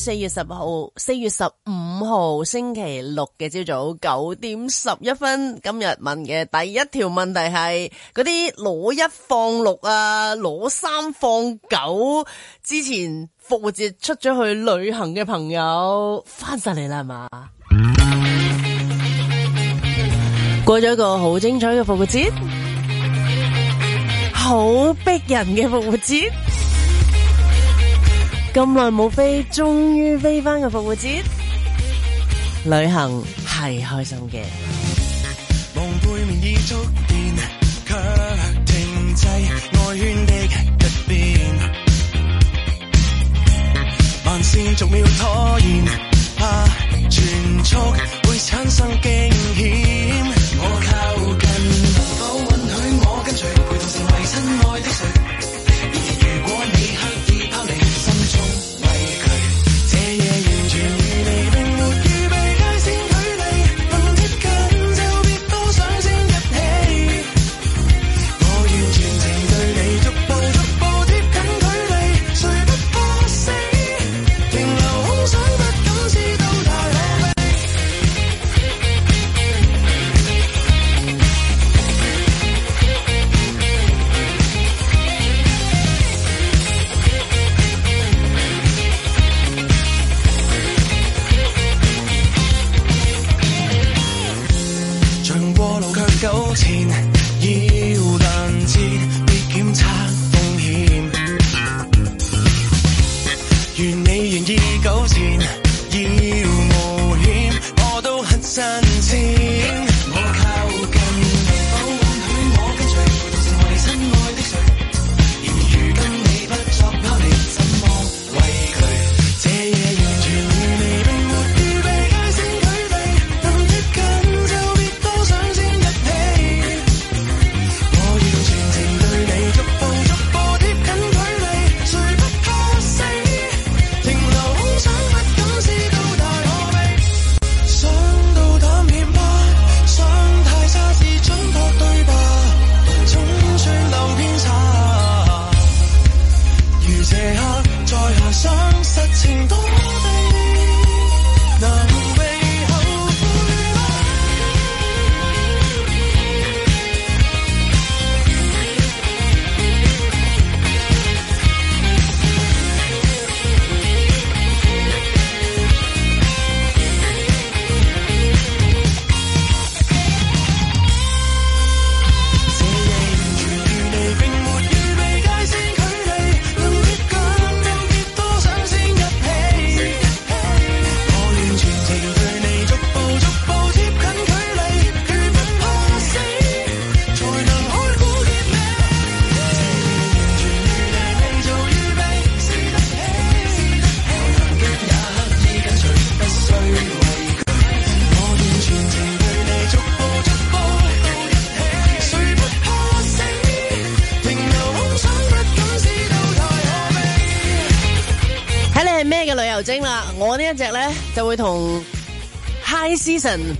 四月十號，四月十五號星期六嘅朝早九點十一分，今日問嘅第一條問題係：嗰啲攞一放六啊，攞三放九，之前復活節出咗去旅行嘅朋友翻晒嚟啦，係嘛？ 過咗一個好精彩嘅復活節，好逼 人嘅復活節。咁耐冇飛，終於飛翻個復活節。旅行係開心嘅。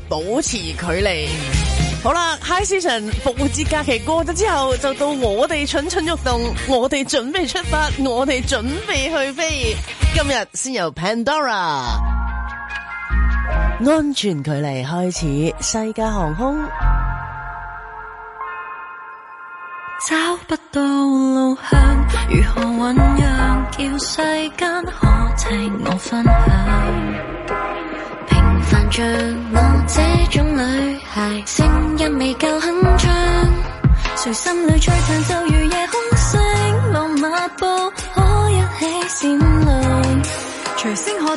保持距離。好啦，Hi，Sir！神復活節假期過咗之後，就到我哋蠢蠢欲動，我哋準備出發，我哋準備去飛。今日先由 Pandora 安全距離開始，世界航空找不到路向，如何醞釀？叫世間可請我分享，平凡着。聲音未夠鏗鏘，誰心裏璀璨就如夜空星芒密佈，可一起閃亮，隨星河。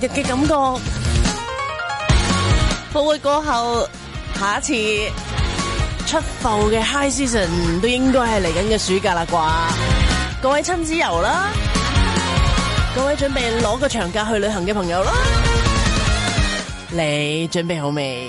日嘅感覺，復會過後，下一次出埠嘅 High Season 都應該係嚟緊嘅暑假啦啩！各位親子遊啦，各位準備攞個長假去旅行嘅朋友囉，你準備好未？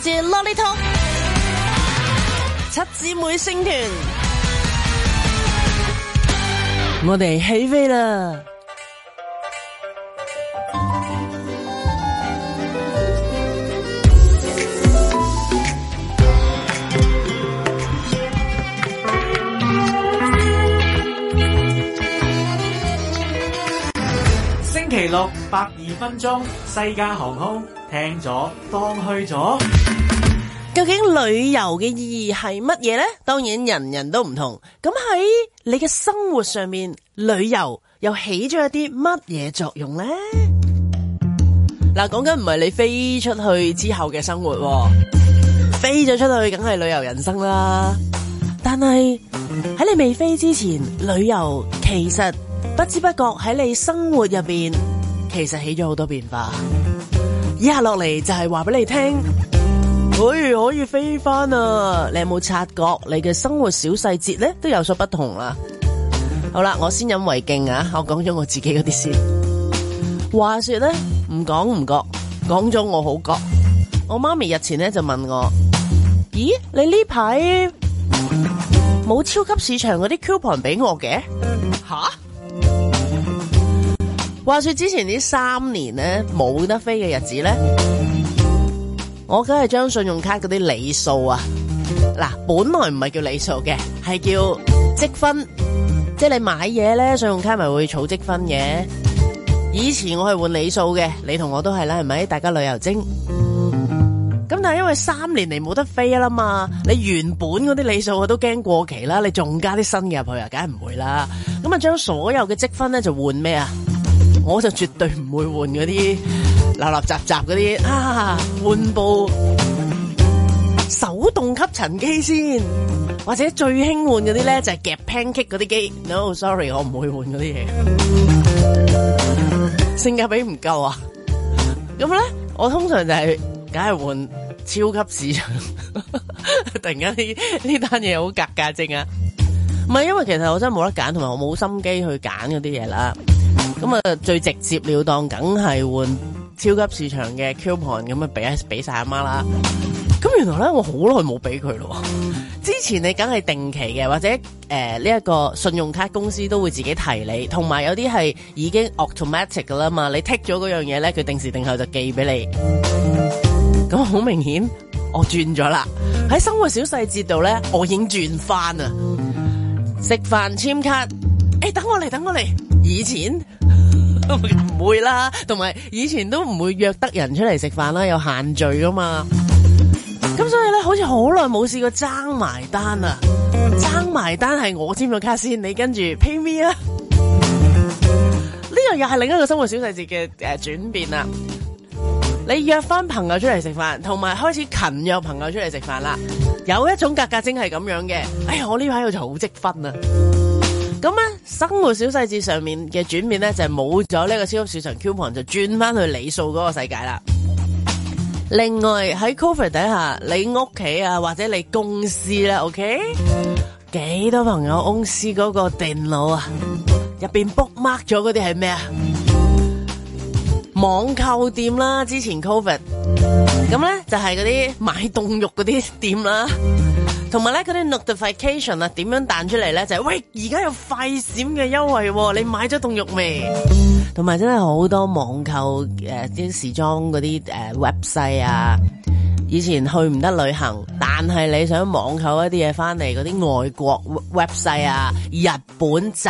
接 Lollipop，七姊妹星團，我哋起飛啦！星期六百二分鐘，西加航空，聽咗當去咗。究竟旅遊嘅意義係乜嘢呢？當然人人都唔同。咁喺你嘅生活上面，旅遊又起咗一啲乜嘢作用呢？嗱，講緊唔係你飛出去之後嘅生活，飛咗出去梗係旅遊人生啦。但係喺你未飛之前，旅遊其實不知不覺喺你生活入邊，其實起咗好多變化。以下落嚟就係話俾你聽。佢可，可以飛翻啊！你有冇察覺你嘅生活小細節咧都有所不同啦？好啦，我先飲為敬啊，我講咗我自己嗰啲先。話說咧，唔講唔覺，講咗我好覺。我媽咪日前咧就問我：咦，你呢排冇超級市場嗰啲 coupon 俾我嘅？吓蛤！話說之前呢三年咧冇得飛嘅日子咧。我梗係將信用卡嗰啲里數啊，嗱，本來唔係叫里數嘅，係叫積分，即係你買嘢咧，信用卡咪會儲積分嘅。以前我係換里數嘅，你同我都係啦，係咪？大家旅遊精。咁但係因為三年嚟冇得飛啦嘛，你原本嗰啲里數我都驚過期啦，你仲加啲新嘅入去啊，梗係唔會啦。咁啊，將所有嘅積分咧就換咩啊？我就絕對唔會換嗰啲。垃雜雜雜嗰啲啊，換部手動吸塵機先，或者最興換嗰啲咧就夾 pancake 嗰啲機。No，sorry，我唔會換嗰啲嘢， 性價比唔夠啊。咁咧，我通常就係梗係換超級市場。 突然間呢呢單嘢好格價症啊，唔係，因為其實我真係冇得揀，同埋我冇心機去揀嗰啲嘢啦。咁啊，最直接了當，梗係換。超級市場嘅 coupon 咁啊，俾啊俾曬阿媽啦。咁原來咧，我好耐冇俾佢咯。 之前你梗係定期嘅，或者誒呢一個信用卡公司都會自己提你，同埋有啲係已經 automatic 噶啦嘛。你剔咗嗰樣嘢咧，佢定時定候就寄俾你。咁好明顯，我轉咗啦。喺生活小細節度咧，我已經轉翻啊！食飯簽卡，誒等我嚟，等我嚟，以前。唔 會啦，同埋以前都唔會約得人出嚟食飯啦，有限聚噶嘛。咁 所以咧，好似好耐冇試過爭埋單啦。爭埋單係我簽咗卡先，你跟住 pay me 啊。呢 樣又係另一個生活小細節嘅誒轉變啦。你約翻朋友出嚟食飯，同埋開始勤約朋友出嚟食飯啦。有一種格格精係咁樣嘅。哎呀，我呢排又就好積分啊。咁咧，生活小細節上面嘅轉變咧，就係冇咗呢個超級市場 coupon，就轉翻去理數嗰個世界啦。 另外喺 COVID 底下，你屋企啊或者你公司咧，OK？幾多朋友公司嗰個電腦啊，入邊 book mark 咗嗰啲係咩啊？網購店啦，之前 COVID，咁咧就係嗰啲買凍肉嗰啲店啦。同埋咧嗰啲 notification 啊，點樣彈出嚟咧？就係、是、喂，而家有快閃嘅優惠、哦，你買咗凍肉未？同埋真係好多網購誒啲、呃、時裝嗰啲誒、呃、website 啊，以前去唔得旅行，但係你想網購一啲嘢翻嚟嗰啲外國 website 啊、日本集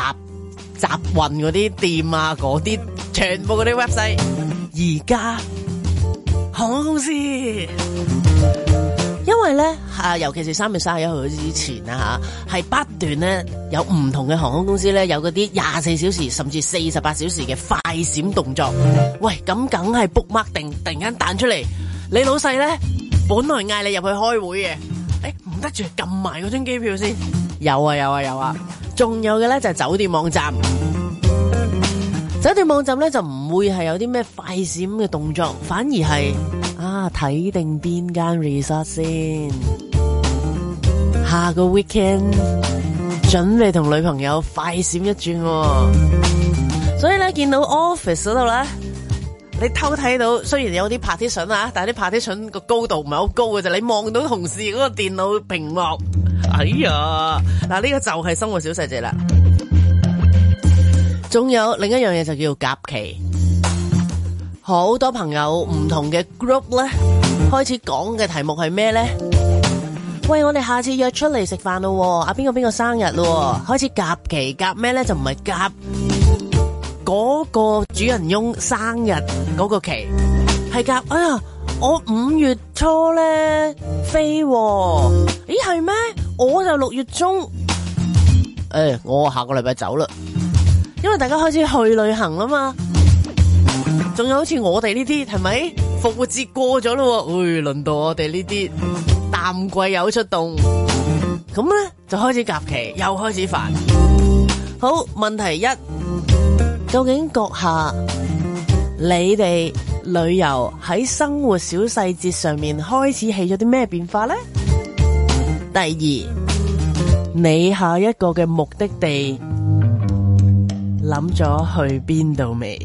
集運嗰啲店啊、嗰啲全部嗰啲 website，而家航空公司。嗯因為咧，啊，尤其是三月三十一號之前啦，吓、啊、係不斷咧有唔同嘅航空公司咧有嗰啲廿四小時甚至四十八小時嘅快閃動作。喂，咁梗係卜 mark 定，突然間彈出嚟，你老細咧本來嗌你入去開會嘅，誒、欸，唔得住，撳埋嗰張機票先。有啊，有啊，有啊，仲有嘅咧就係、是、酒店網站。酒店網站咧就唔會係有啲咩快閃嘅動作，反而係啊睇定邊間 research 先。下個 weekend 準備同女朋友快閃一轉，哦，所以咧見到 office 嗰度咧，你偷睇到雖然有啲 partition 啊，但係啲 partition 個高度唔係好高嘅，就你望到同事嗰個電腦屏幕，哎呀，嗱，這，呢個就係生活小細節啦。仲有另一樣嘢，就叫夾期，好多朋友唔同嘅 group 咧，開始講嘅題目係咩咧？喂，我哋下次約出嚟食飯咯，啊，邊個邊個生日咯，哦，開始夾期夾咩咧？就唔係夾嗰個主人翁生日嗰個期，係夾哎呀，我五月初咧飛，哦，咦係咩？我就六月中，誒、哎，我下個禮拜走啦。因為大家開始去旅行啦嘛，仲有好似我哋呢啲係咪？復活節過咗咯，會、哎、輪到我哋呢啲淡季又出動，咁咧就開始夾期，又開始煩。好，問題一，究竟閣下你哋旅遊喺生活小細節上面開始起咗啲咩變化咧？第二，你下一個嘅目的地？諗咗去邊度未？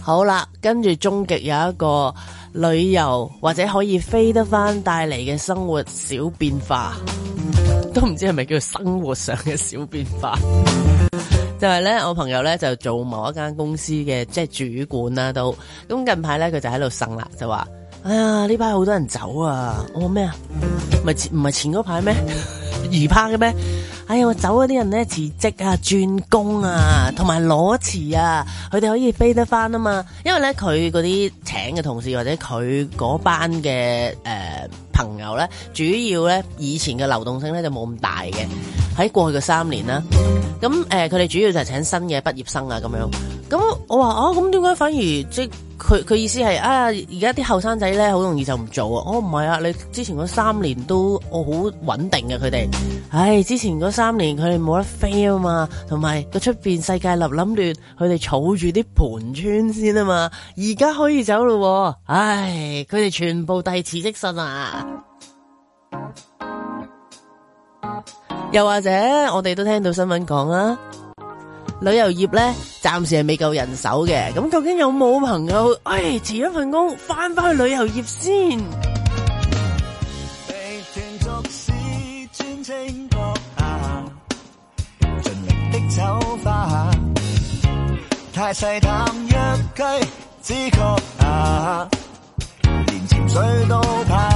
好啦，跟住終極有一個旅遊或者可以飛得翻帶嚟嘅生活小變化，嗯、都唔知係咪叫生活上嘅小變化？ 就係咧，我朋友咧就做某一間公司嘅即係主管啦、啊，都咁近排咧佢就喺度呻啦，就話，哎呀，呢排好多人走啊！我咩啊？唔係前唔係前嗰排咩？魚 part 嘅咩？哎呀，我走嗰啲人咧，辭職啊、轉工啊，同埋裸辭啊，佢哋可以飛得返啊嘛。因為咧，佢嗰啲請嘅同事或者佢嗰班嘅誒、呃、朋友咧，主要咧以前嘅流動性咧就冇咁大嘅。喺過去嘅三年啦，咁誒佢哋主要就係請新嘅畢業生啊咁樣。咁我話哦，咁點解反而即？佢佢意思係啊，而家啲後生仔咧好容易就唔做啊！我唔係啊，你之前嗰三年都我好穩定嘅，佢哋唉，之前嗰三年佢哋冇得飛啊嘛，同埋個出邊世界立冧亂，佢哋儲住啲盤村先啊嘛，而家可以走咯、啊，唉、哎，佢哋全部遞辭職信啊！又或者我哋都聽到新聞講啊。旅遊業咧暫時係未夠人手嘅，咁究竟有冇朋友，唉，辭咗份工翻翻去旅遊業先？被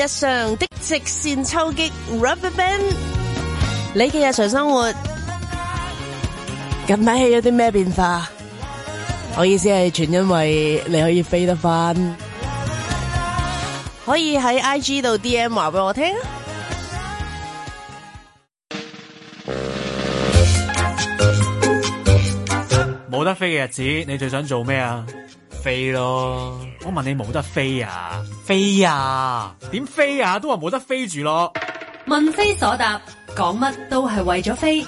日常的直線抽擊 rubber band，你嘅日常生活近排起咗啲咩變化？我意思係全因為你可以飛得返， 可以喺 IG 度 DM 話俾我聽。冇得飛嘅日子，你最想做咩啊？飛咯！我問你冇得飛啊？飛啊？點飛啊？都話冇得飛住咯。問非所答，講乜都係為咗飛。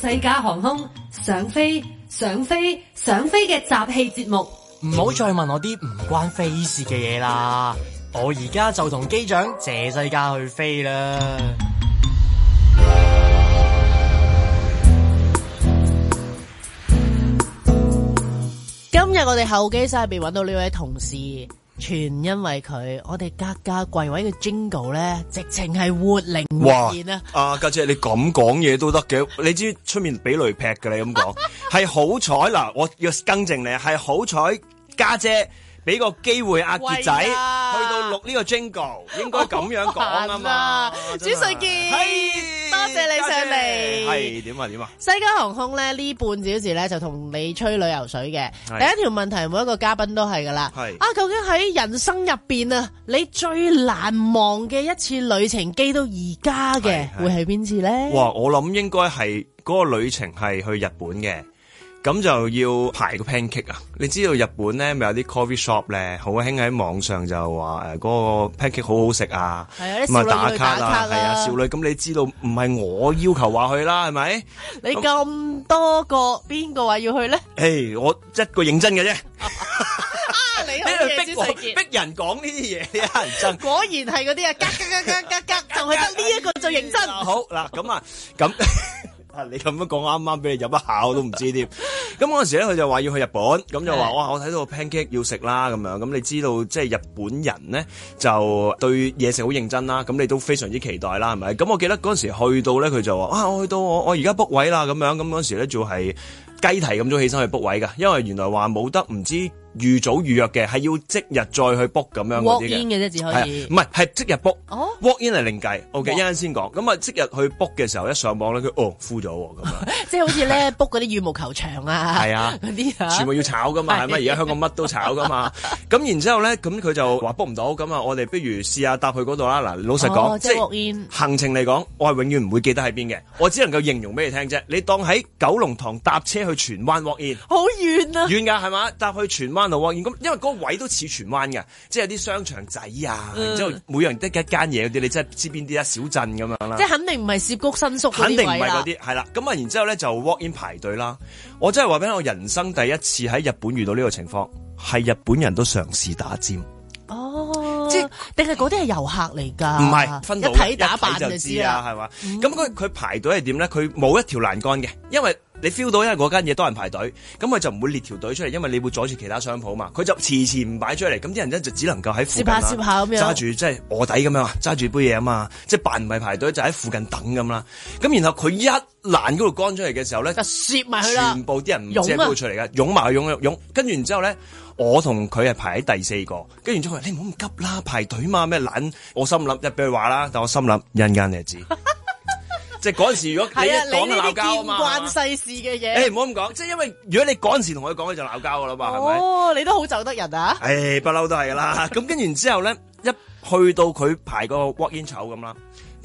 西加航空想飛想飛想飛嘅集氣節目，唔好，嗯、再問我啲唔關飛事嘅嘢啦。我而家就同機長借西加去飛啦。即係我哋後機室入邊揾到呢位同事，全因為佢，我哋格價櫃位嘅 jingle 咧，直情係活靈活現啊！啊，家姐你咁講嘢都得嘅，你， 你知出面俾雷劈嘅，你咁講，係好彩嗱，我要更正你，係好彩家姐。俾個機會阿傑仔、啊、去到錄呢個 jingle，應該咁樣講啊嘛。朱瑞健，多謝你上嚟。係點啊點啊！啊西加航空咧呢半小時咧就同你吹旅遊水嘅。是第一條問題，每一個嘉賓都係噶啦。係是啊，究竟喺人生入邊啊，你最難忘嘅一次旅程，記到而家嘅會係邊次咧？哇，我諗應該係嗰個旅程係去日本嘅。咁就要排個 pancake 啊！你知道日本咧咪有啲 coffee shop 咧，好興喺網上就話誒嗰個 pancake 好好食啊！係啊，少女去打卡啦，係啊，少女。咁你知道唔係我要求話去啦，係咪？你咁多個邊個話要去咧？誒，我一個認真嘅啫。啊，你喺度逼我逼人講呢啲嘢，認真。果然係嗰啲啊，格格格格格格，就係得呢一個最認真。好嗱，咁啊，咁。你咁樣講，啱啱俾你飲一下，我都唔知添。咁嗰陣時咧，佢就話要去日本，咁就話，哇，我睇到個 pancake 要食啦咁樣。咁你知道即係日本人咧就對嘢食好認真啦。咁你都非常之期待啦，係咪？咁我記得嗰陣時去到咧，佢就話哇、啊，我去到我我而家 book 位啦咁樣。咁嗰陣時咧仲係雞啼咁早起身去 book 位㗎，因為原來話冇得唔知。預早預約嘅係要即日再去 book 咁樣嗰啲嘅，係唔係係即日 book，walk in 係另計，OK 一陣先講。咁啊即日去 book 嘅時候，一上網咧佢哦 full 咗喎咁啊，即係好似咧 book 嗰啲羽毛球場啊，係啊啲全部要炒噶嘛，係咪？而家香港乜都炒噶嘛。咁然之後咧，咁佢就話 book 唔到，咁啊我哋不如試下搭去嗰度啦。嗱老實講，即係 walk in 行程嚟講，我係永遠唔會記得喺邊嘅，我只能夠形容俾你聽啫。你當喺九龍塘搭車去荃灣 walk in，好遠啊，遠㗎係嘛？搭去荃灣。咁因為嗰個位都似荃灣嘅，即係有啲商場仔啊，嗯、然之後每樣得一間嘢嗰啲，你真係知邊啲啊？小鎮咁樣啦，即係肯定唔係涉谷新宿肯定唔係嗰啲位啦。係啦，咁啊，嗯、然之後咧就 walk in 排隊啦。嗯、我真係話俾你聽，我人生第一次喺日本遇到呢個情況，係、嗯、日本人都嘗試打尖。哦，即係定係嗰啲係遊客嚟㗎？唔係，分一睇打扮就知啊，係嘛、嗯？咁佢佢排隊係點咧？佢冇一條欄杆嘅，因為。你 feel 到，因為嗰間嘢多人排隊，咁佢就唔會列條隊出嚟，因為你會阻住其他商鋪嘛。佢就遲遲唔擺出嚟，咁啲人咧就只能夠喺附近啦，揸住即係臥底咁樣啊，揸住杯嘢啊嘛，即係扮唔係排隊，就喺附近等咁啦。咁然後佢一攔嗰度幹出嚟嘅時候咧，就攝埋佢啦。全部啲人唔擠到出嚟噶，擁埋擁擁，跟住然之後咧，我同佢係排喺第四個，跟住之後佢，你唔好咁急啦，排隊嘛咩懶。我心諗一俾佢話啦，但我心諗一陣間你就知。 即係嗰陣時，如果你一講就鬧交，唔關世事嘅嘢。誒唔好咁講，即係因為如果你趕時同佢講，佢就鬧交噶啦嘛，係咪？哦，是是你都好走得人啊！誒，不嬲都係噶啦。咁跟 然之後咧，一去到佢排個 walk in 丑咁啦。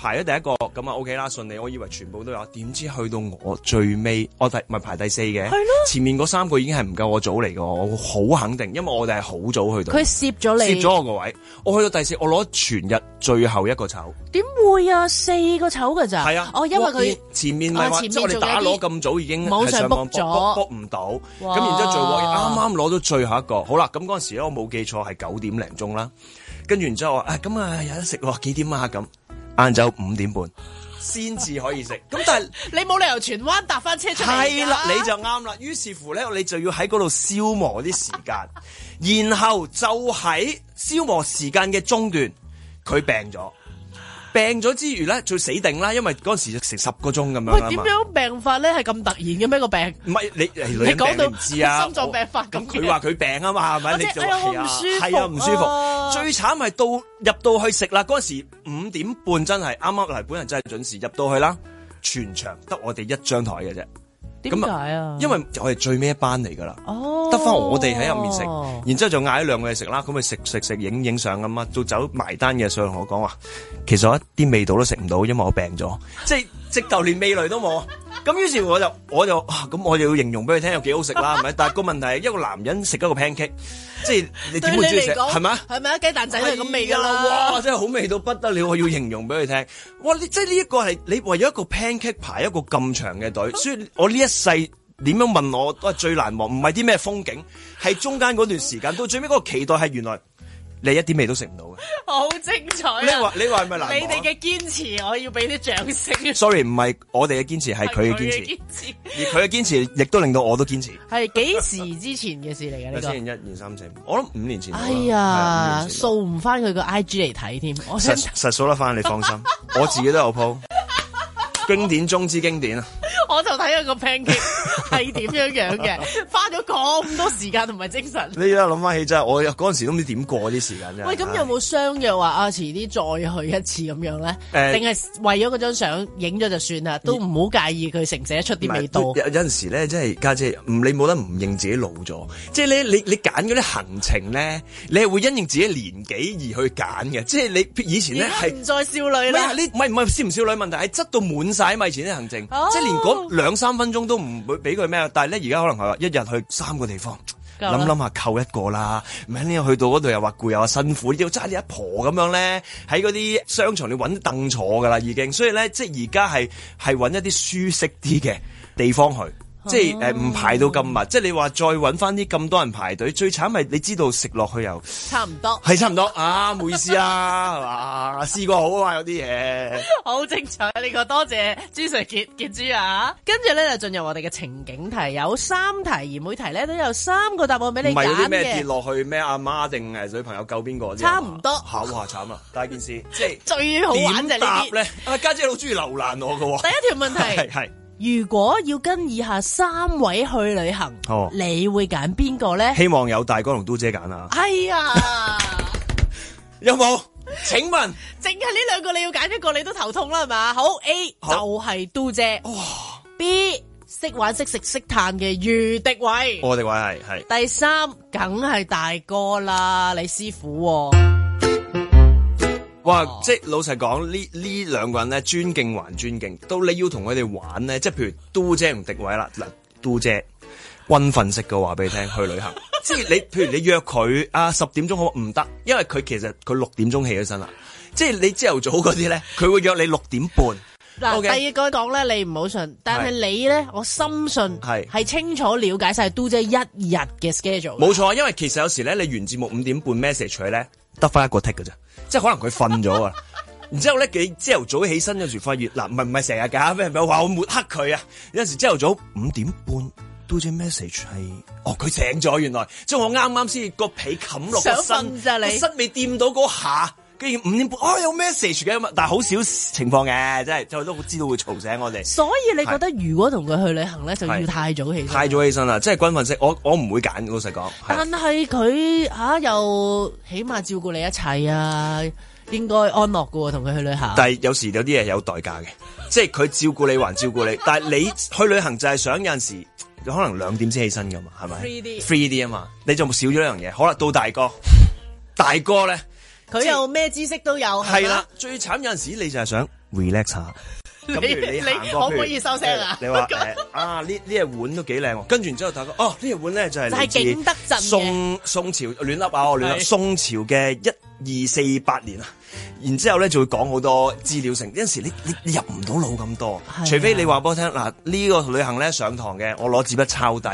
排咗第一個咁啊 OK 啦，順利，我以為全部都有，點知去到我最尾，我第咪排第四嘅。係咯的。前面嗰三個已經係唔夠我早嚟嘅，我好肯定，因為我哋係好早去到。佢蝕咗你。蝕咗我個位。我去到第四，我攞全日最後一個籌。點會啊？四個籌嘅咋？係啊。我、哦、因為佢前面咪話前面 我哋打攞咁早已經上網,網上 book 咗 book 唔到，咁哇然之後,後最後啱啱攞到最後一個。好啦，咁嗰陣時我冇記錯係九點零鐘啦。跟住然之後啊，咁、哎、啊有得食喎，幾點啊咁。晏晝五點半先至可以食，咁 但係是你冇理由荃灣搭翻車出嚟，係啦你就啱啦。於是乎咧，你就,就要喺度消磨啲時間， 然後就喺消磨時間嘅中段，佢病咗。病咗之餘咧，就死定啦，因為嗰時食十個鐘咁樣。喂，點樣病法咧？係咁突然嘅咩個病？唔係你，你講說到唔知啊，心臟病發。咁佢話佢病啊嘛，係咪說？你做係啊，係啊、哎，唔舒服。最慘係到入到去食啦，嗰時五點半真係啱啱嚟，剛剛本人真係準時入到去啦，全場得我哋一張台嘅啫。點解啊？為因為我係最尾一班嚟噶啦，得翻，哦、我哋喺入面食，然之後就嗌兩個嘢食啦。咁咪食食食，影影相咁啊，做走埋單嘅。上同我講話，其實我一啲味道都食唔到，因為我病咗。 即係。直頭連味蕾都冇，咁於是我就我就咁、啊、我就要形容俾佢聽又幾好食啦，係咪？但個問題係一個男人食一個 pancake，即係你點會中意食？係咪？係咪啊！吧雞蛋仔係咁味㗎啦、哎！哇！哇真係好味到不得了，我要形容俾佢聽。哇！你即係呢一個係你為咗一個 pancake 排一個咁長嘅隊，所以我呢一世點樣問我都係最難忘，唔係啲咩風景，係中間嗰段時間到最尾嗰個期待係原來。你一啲味都食唔到嘅，好精彩啊，你話你話係咪難？你哋嘅堅持，我要俾啲掌聲。Sorry，唔係我哋嘅堅持，係佢嘅堅持，而佢嘅堅持亦都令到我都堅持。係幾時之前嘅事嚟嘅呢個？先一二三四，我諗五年前。哎呀，數唔翻佢個 IG 嚟睇添。實實數得翻，你放心，我自己都有鋪。經典中之經典啊！ 我就睇下個 pancake 係點樣樣嘅，花咗咁多時間同埋精神。 你而家諗翻起真係，我嗰陣時都唔知點過啲時間。喂，咁有冇相約話啊，遲啲再去一次咁樣咧？定係、欸、為咗嗰張相影咗就算啦，都唔好介意佢成寫出啲味道。有有陣時咧，即係家姐,姐，你冇得唔認自己老咗。即係咧，你你揀嗰啲行程咧，你係會因應自己年紀而去揀嘅。即係你以前咧係唔再少女啦。你唔係唔係少唔少女問題，係執到滿晒米錢啲行程，即係連。嗰兩三分鐘都唔會俾佢咩？但係咧，而家可能係話一日去三個地方，諗諗下扣一個啦。唔係呢？又去到嗰度又話攰又話辛苦，要揸啲阿婆咁樣咧，喺嗰啲商場你揾凳坐㗎啦已經。所以咧，即係而家係係揾一啲舒適啲嘅地方去。即係誒，唔排到咁密，即係你話再揾翻啲咁多人排隊，最慘咪你知道食落去又差唔不多，多，係差唔多啊，唔好意思 啊，係嘛，試過好啊，有啲嘢好精彩呢、這個，多謝朱 sir 杰杰朱啊，跟住咧就進入我哋嘅情景題，有三題，而每題咧都有三個答案俾你揀嘅。唔係有啲咩跌落去咩阿媽定誒女朋友救邊個？差唔多。好哇，慘啊！第一、啊、 件事即係最好玩就係咧。阿家、啊、姐好中意留難我嘅。 第一條問題係。 對對對如果要跟以下三位去旅行，哦，你會揀邊個咧？希望有大哥同嘟姐揀啊！哎呀， 有冇？請問，淨係呢兩個你要揀一個，你都頭痛啦，係嘛？好，A，好，就係嘟姐，哇、哦！B 識玩識食識嘆嘅余迪偉，我迪位係係。第三梗係大哥啦，李師傅，哦。哇！即係老實講，呢呢兩個人咧，尊敬還尊敬。到你要同佢哋玩咧，即係譬如都姐同迪位啦嗱，都姐軍訓式嘅話俾你聽，去旅行， 即係你譬如你約佢啊十點鐘好唔得，因為佢其實佢六點鐘起咗身啦，即係你朝頭早嗰啲咧，佢會約你六點半。嗱、嗯，okay，第二個講咧，你唔好信，但係你咧，是我深信係係清楚了解晒都姐一日嘅 schedule。冇錯，因為其實有時咧，你完節目五點半 message 佢咧，得翻一個 tick 噶啫。即係可能佢瞓咗啊， 然之後咧幾朝頭早起身，有時發現，嗱唔係唔係成日噶咩，係咪話我抹黑佢啊？有陣時朝頭早五點半 do message 係，哦佢醒咗原來，即係我啱啱先個被冚落個身，個身未掂到嗰下。跟住五點半，哦，有 message 嘅？但係好少情況嘅，即係就都知道會嘈醒我哋。所以你覺得如果同佢去旅行咧，是就要太早起身，太早起身啦，即係軍訓式。我我唔會揀，老實講。但係佢吓又起碼照顧你一切啊，應該安樂嘅同佢去旅行，但係有時有啲嘢有代價嘅，即係佢照顧你還照顧你， 但係你去旅行就係想有陣時可能兩點先起身噶嘛，係咪 three D three D 啊嘛，你就少咗一樣嘢。好啦到大哥，大哥咧。 佢又咩知識都有，係啦是。嗎最慘有陣時你就係想 relax 下。你 你可唔可以收聲 啊？你話啊，呢呢隻碗都幾靚喎。跟住然之後大家，哦，呢隻碗咧就係係景德鎮宋宋朝亂噏啊，我亂噏。是宋朝嘅一二四八年啊，然之後咧就會講好多資料性，有陣時你你，你，你入唔到腦咁多，除非你話俾我聽嗱，呢 個旅行咧上堂嘅，我攞紙筆抄低。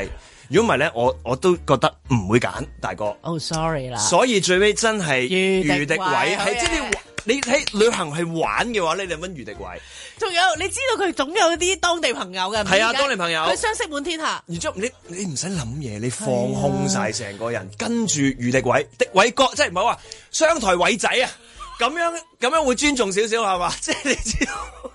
如果唔係咧，我我都覺得唔會揀大哥。哦、oh，sorry 啦。所以最尾真係余迪偉係，偉棒即係你你喺旅行係玩嘅話咧，你揾余迪偉。仲有你知道佢總有一啲當地朋友嘅，係啊，當地朋友，佢相識滿天下。而家你你唔使諗嘢，你放空晒成個人，啊、跟住余迪偉，迪偉哥，即係唔好話商台偉仔啊，咁樣咁樣會尊重少少係嘛？即係你知道。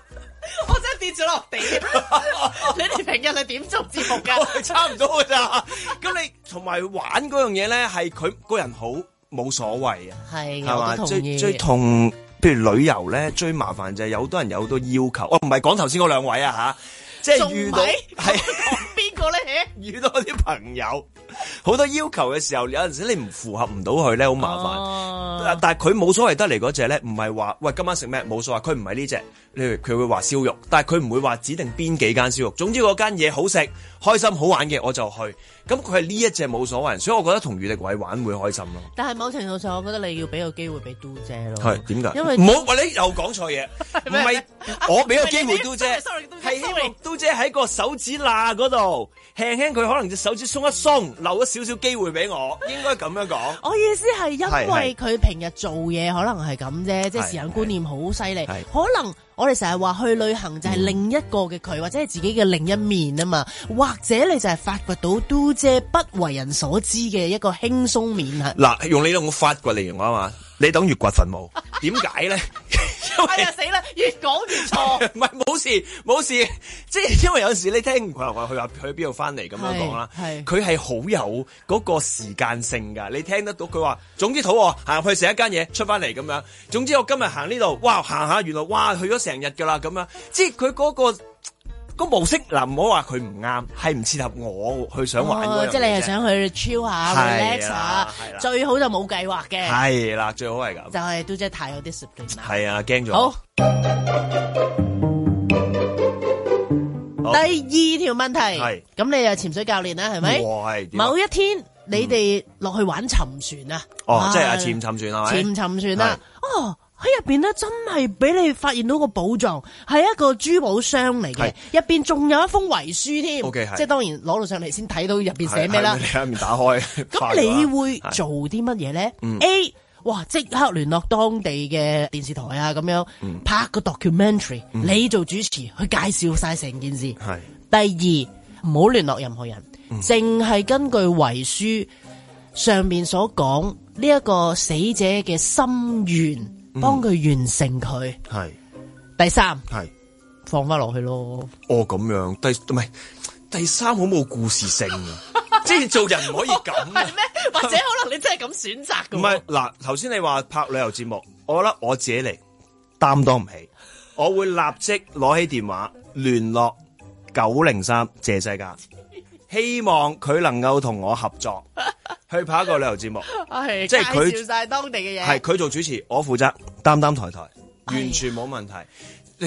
我真係跌咗落地， 你哋平日係點做節目噶？差唔多噶咋？咁你同埋玩嗰樣嘢咧，係佢個人好冇所謂啊，係嘛的吧？最最同，譬如旅遊咧，最麻煩就係有好多人有好多要求。我唔係講頭先嗰兩位啊吓，即係遇到係講邊個咧？遇到啲朋友，好多要求嘅時候，有陣時你唔符合唔到佢咧，好麻煩。啊、但係佢冇所謂得嚟嗰隻咧，唔係話喂，喂，喂今晚食咩冇所謂，佢唔係呢隻。佢佢會話燒肉，但係佢唔會話指定邊幾間燒肉。總之嗰間嘢好食、開心、好玩嘅，我就去。咁佢係呢一隻冇所謂，所以我覺得同余迪偉玩會開心咯。但係某程度上，我覺得你要俾個機會俾嘟姐咯。係點解？因為唔好，你又講錯嘢。唔係我俾個機會嘟姐，係希望嘟姐喺個手指罅嗰度，輕輕佢可能隻手指鬆一鬆，留咗少少機會俾我。應該咁樣講。我意思係因為佢平日做嘢可能係咁啫，即係時間觀念好犀利，可能。我哋成日話去旅行就係另一個嘅佢，或者係自己嘅另一面啊嘛，或者你就係發掘到嘟姐不為人所知嘅一個輕鬆面啊！嗱，用你用發掘嚟形容啊嘛。.你等越掘墳墓，點解咧？因、 哎、呀，死啦，越講越錯。唔係，冇事，冇事，即係、就是、因為有時你聽佢話佢話去邊度翻嚟咁樣講啦。係佢係好有嗰個時間性㗎，你聽得到佢話總之肚餓行去食一間嘢出翻嚟咁樣。總之我今日行呢度，哇行下原來哇去咗成日㗎啦咁樣。即係佢嗰個。個模式嗱，唔好話佢唔啱，係唔切合我去想玩。哦，即係你係想去 chill 下、relax 下，最好就冇計劃嘅。係啦，最好係咁。就係都即係太有啲 set plan。係啊，驚咗。好。第二條問題，咁你又潛水教練啦，係咪？哦，係。某一天你哋落去玩沉船啊？哦，即係啊，潛沉船啊？潛沉船啊？哦。喺入邊咧，面真係俾你發現到個寶藏，係一個珠寶箱嚟嘅。入邊仲有一封遺書添，okay, 是即係當然攞到上嚟先睇到入邊寫咩啦。你一面打開咁， 你會做啲乜嘢咧？A，哇，即刻聯絡當地嘅電視台啊，咁樣、嗯、拍個 documentary，、嗯、你做主持去介紹晒成件事。係是第二，唔好聯絡任何人，淨係、嗯、根據遺書上面所講呢一個死者嘅心願。幫佢完成佢。係是第三，係是放翻落去咯。哦，咁樣第唔係第三好冇故事性啊！即係 做人唔可以咁咩，啊 或者可能你真係咁選擇噶。唔係嗱，頭先你話拍旅遊節目，我覺得我自己嚟，擔當唔起，我會立即攞起電話聯絡九零三謝世界。希望佢能夠同我合作， 去拍一個旅遊節目， 即係佢介紹曬當地嘅嘢，係佢做主持，我負責擔擔抬抬，完全冇問題。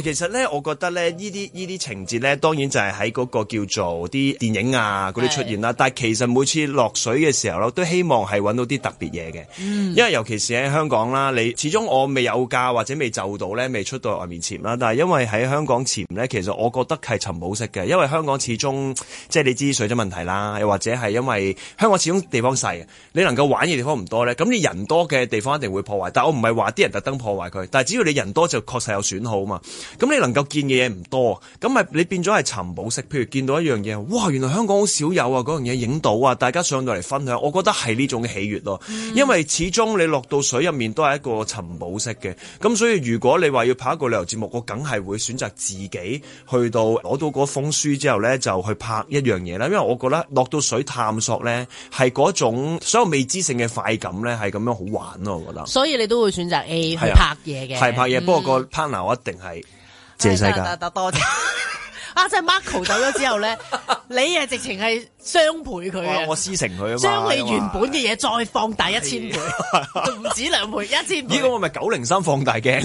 其實咧，我覺得咧，呢啲呢啲情節咧，當然就係喺嗰個叫做啲電影啊嗰啲出現啦、啊。是但係其實每次落水嘅時候咯，都希望係揾到啲特別嘢嘅，嗯、因為尤其是喺香港啦，你始終我未有假或者未就到咧，未出到外面潛啦。但係因為喺香港潛咧，其實我覺得係尋寶式嘅，因為香港始終即係你知水質問題啦，又或者係因為香港始終地方細，你能夠玩嘅地方唔多咧，咁你人多嘅地方一定會破壞。但係我唔係話啲人特登破壞佢，但係只要你人多就確實有損耗啊嘛。咁你能夠見嘅嘢唔多，咁咪你變咗係尋寶式。譬如見到一樣嘢，哇！原來香港好少有啊，嗰樣嘢影到啊，大家上到嚟分享，我覺得係呢種嘅喜悅咯、啊。嗯、因為始終你落到水入面都係一個尋寶式嘅，咁所以如果你話要拍一個旅遊節目，我梗係會選擇自己去到攞到嗰封書之後咧，就去拍一樣嘢啦。因為我覺得落到水探索咧，係嗰種所有未知性嘅快感咧，係咁樣好玩咯、啊，我覺得。所以你都會選擇 A、欸啊、去拍嘢嘅，係拍嘢。不過個 partner 我一定係。嗯謝世界，多謝啊！即係 Marco 走咗之後咧，你係直情係雙倍佢我施成佢啊，將你原本嘅嘢再放大一千倍，唔止兩倍，一千倍。呢個我咪九零三放大鏡。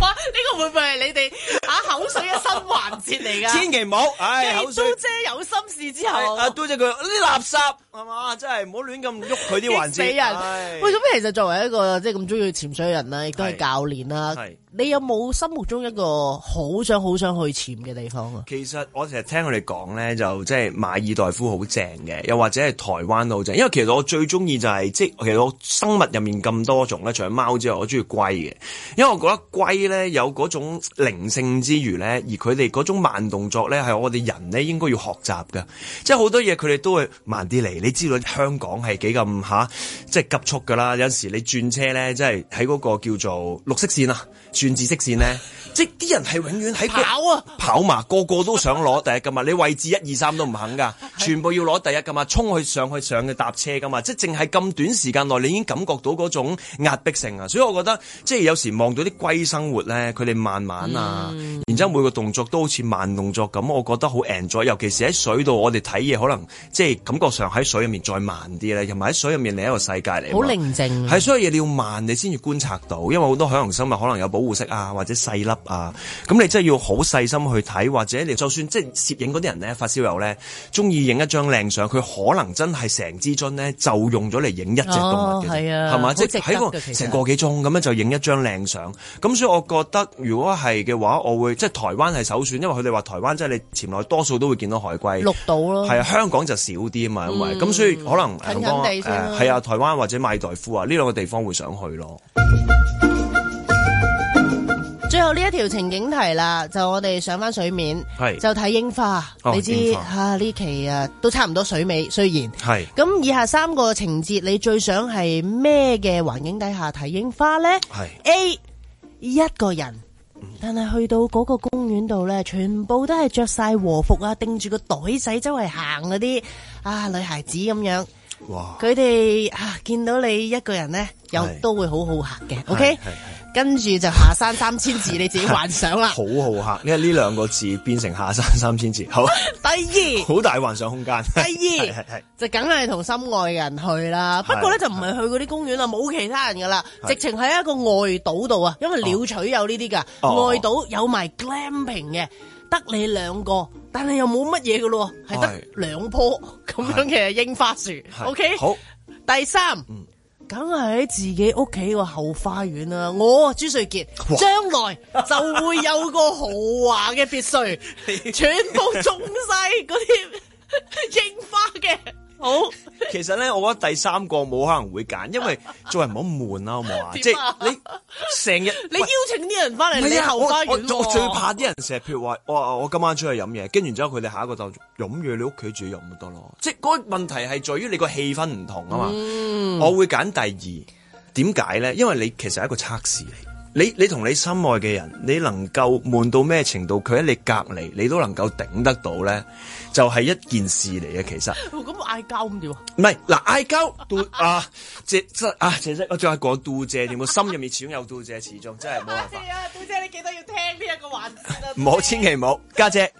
哇！呢個會唔會係你哋打口水嘅新環節嚟噶？千祈唔好唉！蘇姐有心事之後，啊！都啫佢啲垃圾啊嘛，真係唔好亂咁喐佢啲環節。激死人！喂，咁其實作為一個即係咁中意潛水嘅人啦，亦都係教練啦。你有冇心目中一個好想好想去潛嘅地方啊？其實我成日聽佢哋講咧，就即係馬爾代夫好正嘅，又或者係台灣好正。因為其實我最中意就係、是、即係其實我生物入面咁多種咧，除咗貓之外，我中意龜嘅。因為我覺得龜咧有嗰種靈性之餘咧，而佢哋嗰種慢動作咧係我哋人咧應該要學習㗎。即係好多嘢佢哋都會慢啲嚟。你知道香港係幾咁嚇，即係急速㗎啦。有時你轉車咧，即係喺嗰個叫做綠色線啊。轉知識線咧，即係啲人係永遠喺跑啊，跑埋，個個都想攞第一㗎嘛。 你位置一二三都唔肯㗎，全部要攞第一㗎嘛，衝去上去上去搭車㗎嘛。即係淨係咁短時間內，你已經感覺到嗰種壓迫性啊。所以我覺得，即係有時望到啲龜生活咧，佢哋慢慢啊，嗯、然之後每個動作都好似慢動作咁，我覺得好 enjoy。尤其是喺水度，我哋睇嘢可能即係感覺上喺水入面再慢啲咧，同埋喺水入面另一個世界嚟，好寧靜。係所以你要慢你先至觀察到，因為好多海洋生物可能有保護。色啊，或者細粒啊，咁、嗯嗯、你真係要好細心去睇，或者你就算即係攝影嗰啲人咧，發燒友咧，中意影一張靚相，佢可能真係成支樽咧就用咗嚟影一隻動物嘅，係、哦、啊，係嘛吧，即係喺個成個幾鐘咁樣就影一張靚相。咁所以我覺得如果係嘅話，我會即係、就是、台灣係首選，因為佢哋話台灣即係你潛來多數都會見到海龜，綠島咯，係啊，香港就少啲啊嘛，因為咁、嗯、所以可能地方係、呃、啊，台灣或者馬爾代夫啊呢兩個地方會想去咯。嗯最後呢一條情景題啦，就我哋上翻水面，是就睇櫻花。哦、你知吓呢花、啊、期啊，都差唔多水尾，雖然係咁。是以下三個情節，你最想係咩嘅環境底下睇櫻花呢？係是 A 一個人，但係去到嗰個公園度呢，全部都係着晒和服啊，拎住個袋仔周圍行嗰啲啊女孩子咁樣。哇！佢哋啊見到你一個人呢，又都會好好客嘅。O K。跟住就下山三千字，你自己幻想啦。好好客，因為呢兩個字變成下山三千字，好。第二，好大幻想空間。第二就梗係同心愛嘅人去啦，不過呢，就唔係去嗰啲公園啦，冇其他人噶啦，直情喺一個外島度啊，因為鳥取有呢啲噶，外島有埋 glamping 嘅，得你兩個，但係又冇乜嘢噶咯，係得兩棵咁樣嘅櫻花樹。OK，好。第三。梗係喺自己屋企個後花園啦、啊！我朱瑞杰將哇來就會有個豪華嘅別墅， 全部種晒嗰啲櫻花嘅。好，oh. 其實咧，我覺得第三個冇可能會揀，因為做人唔好悶啊，好冇啊？ 即係你成日 你邀請啲人翻嚟，是你後花園我最怕啲人成日譬如話，哇，我今晚出去飲嘢，跟住之後佢哋下一個就飲嘢，你屋企自己飲咪得咯？即係嗰個問題係在於你個氣氛唔同啊嘛。嗯、我會揀第二，點解咧？因為你其實係一個測試嚟，你你同你，你心愛嘅人，你能夠悶到咩程度？佢喺你隔離，你都能夠頂得到咧。就係一件事嚟嘅，其實。咁嗌交咁點啊？唔係姐，嗱，嗌交啊，借真啊，借息，我仲係講杜姐點啊？心入面始終有杜姐，始終真係冇杜姐啊，杜姐，你記得要聽呢、這、一個環節唔好，千祈唔好，家姐，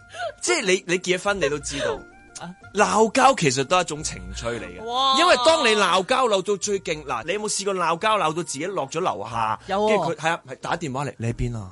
姐，即係你，你結婚你都知道啊，鬧交其實都係一種情趣嚟嘅。哇因為當你鬧交鬧到最勁，嗱，你有冇試過鬧交鬧到自己落咗樓下？有、哦。跟住佢係啊，打電話嚟。你喺邊啊？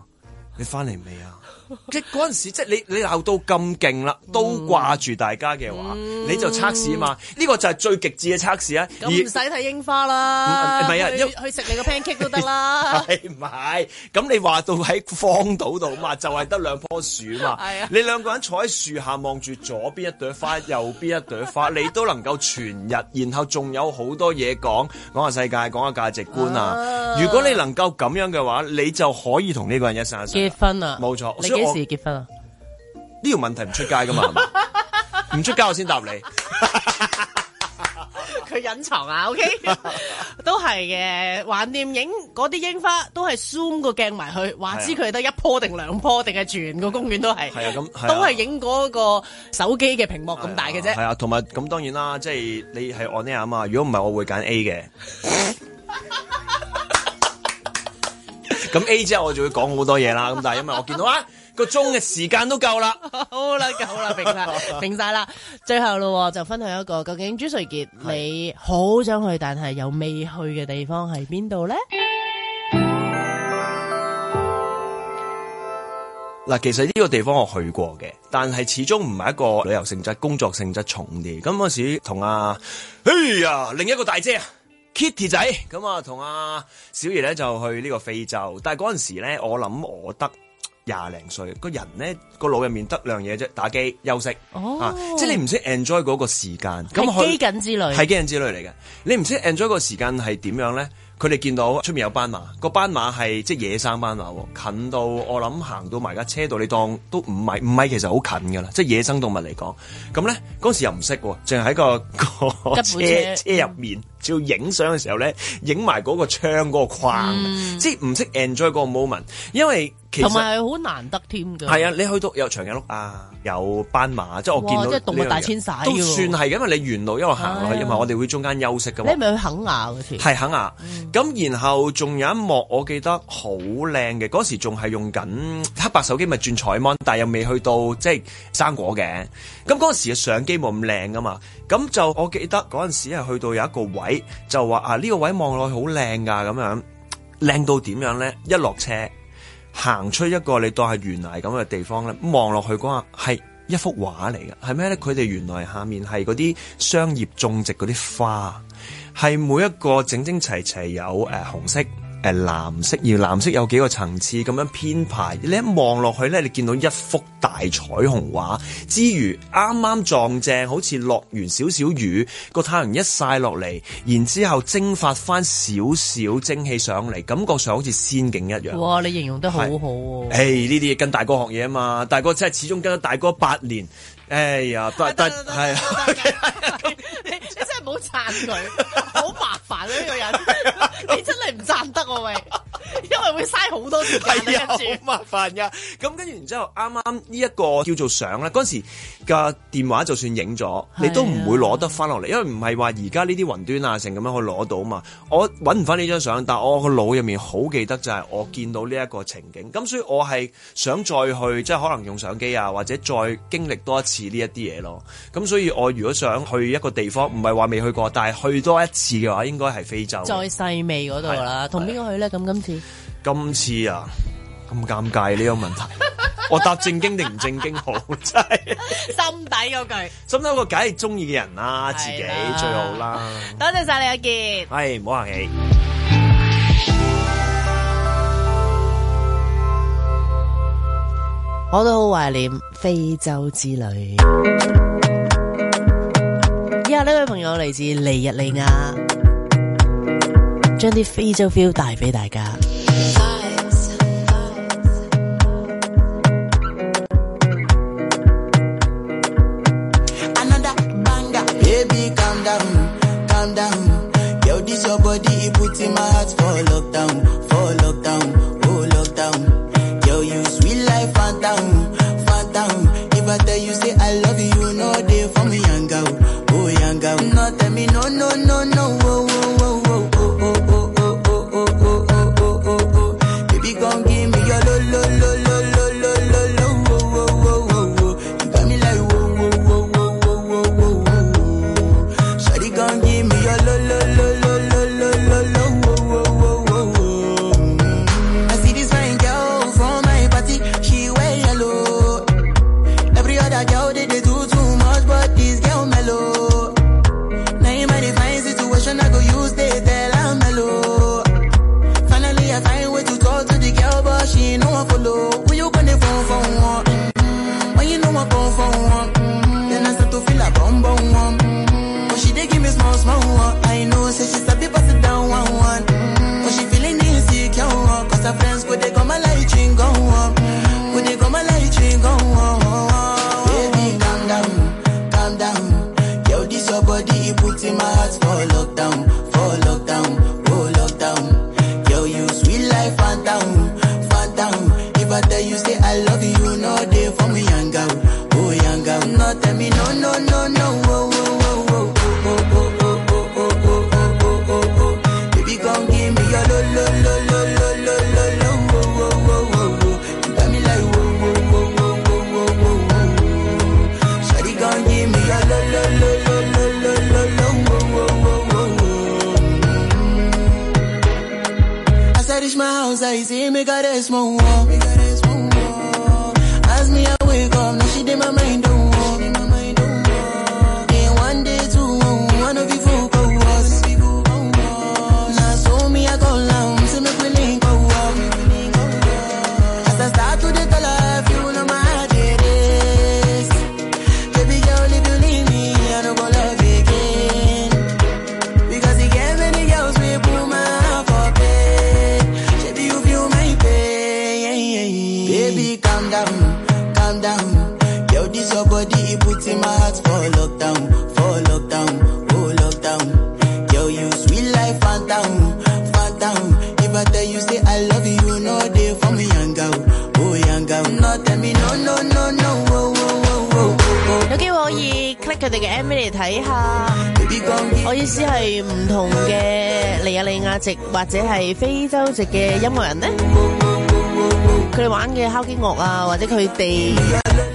你翻嚟未啊？即嗰陣時，即你你鬧到咁勁啦，都掛住大家嘅話，你就測試嘛？呢個就係最極致嘅測試啊！咁唔使睇櫻花啦，唔係啊，去去食你個 pancake 都得啦。係唔係？咁你話到喺荒島度嘛，就係得兩棵樹嘛。你兩個人坐喺樹下望住左邊一朵花，右邊一朵花，你都能夠全日，然後仲有好多嘢講，講下世界，講下價值觀啊。如果你能夠咁樣嘅話，你就可以同呢個人一生一世結婚啊！冇錯，幾時結婚啊？呢條問題唔出街噶嘛？唔 出街我先答你。佢 隱藏啊？OK， 都係嘅。橫掂影嗰啲櫻花都係 zoom 個鏡埋去，話、啊、知佢得一棵定兩棵定係全個公園都係。係啊，咁、啊啊、都係影嗰個手機嘅屏幕咁大嘅啫。係啊，同埋咁當然啦，即、就、係、是、你係 on air 啊嘛。如果唔係，我會揀 A 嘅。咁 A 之後我就會講好多嘢啦。咁但係因為我見到啊。個鐘嘅時間都夠啦， 好啦，夠啦，明晒，明晒啦， 最後咯就分享一個，究竟朱瑞杰，你好想去但係又未去嘅地方係邊度咧？嗱，其實呢個地方我去過嘅，但係始終唔係一個旅遊性質，工作性質重啲。咁嗰時同阿、啊，哎呀、啊，另一個大姐啊，Kitty 仔，咁啊，同阿小儀咧就去呢個非洲。但係嗰陣時咧，我諗我得。廿零歲，個人咧個腦入面得兩嘢啫，打機休息，吓、哦啊，即係你唔識 enjoy 嗰個時間，咁係機緊之類，係機緊之類嚟嘅。你唔識 enjoy 個時間係點樣咧？佢哋見到出面有斑馬，個斑馬係即係野生斑馬，近到我諗行到埋架車度，你當都五米五米，米其實好近噶啦，即係野生動物嚟講。咁咧嗰時又唔識，淨係喺個個車車入面照影相嘅時候咧，影埋嗰個窗嗰、嗰個框，嗯、即係唔識 enjoy 嗰個 moment，因為。同埋好難得添㗎，係啊！你去到有長頸鹿啊，有斑馬，即係我見到，即動物大遷徙，都算係。因為你沿路一路行落去，啊、因為我哋會中間休息噶嘛。你係咪去肯亞㗎、啊？添係肯亞、啊。咁、嗯、然後仲有一幕，我記得好靚嘅嗰時，仲係用緊黑白手機，咪轉彩芒但又未去到即係生果嘅。咁嗰時嘅相機冇咁靚噶嘛。咁就我記得嗰陣時係去到有一個位，就話啊呢、呢個位望落去好靚噶，咁樣靚到點樣咧？一落車。行出一個你當係懸崖咁嘅地方咧，望落去嗰下係一幅畫嚟嘅，係咩咧？佢哋原來下面係嗰啲商業種植嗰啲花，係每一個整整齊齊,齊有誒、呃、紅色。誒、呃、藍色而藍色有幾個層次咁樣編排，你一望落去咧，你見到一幅大彩虹畫之餘，啱啱撞正，好似落完少少雨，個太陽一曬落嚟，然之後蒸發翻少少蒸氣上嚟，感覺上好似仙境一樣。哇！你形容得好好、啊、喎。呢啲嘢跟大哥學嘢啊嘛，大哥真係始終跟咗大哥八年，哎呀都係係啊。你真係唔好贊佢，好 麻煩啊！呢個人， 你真係唔贊得我、啊、喂，因為會嘥好多時間啊！好著、啊、麻煩㗎、啊。咁跟住然之後，啱啱呢一個叫做相咧，嗰時個電話就算影咗，你都唔會攞得翻落嚟，因為唔係話而家呢啲雲端啊，成咁樣去攞到啊嘛。我揾唔翻呢張相，但係我個腦入面好記得就係我見到呢一個情景。咁所以我係想再去，即、就、係、是、可能用相機啊，或者再經歷多一次呢一啲嘢咯。咁所以我如果想去一個地方，唔係話未去過，但係去多一次嘅話，應該係非洲。再細味嗰度啦，同邊個去咧？咁今次，今次啊，咁尷尬呢個問題， 我答正經定唔正經好，真係 心底嗰句，心底個梗係中意嘅人啦、啊，的自己最好啦。多謝晒你阿杰，係唔好客氣。我都好懷念非洲之旅。呢位朋友嚟自尼日利亞，將啲非洲 feel 帶俾大家。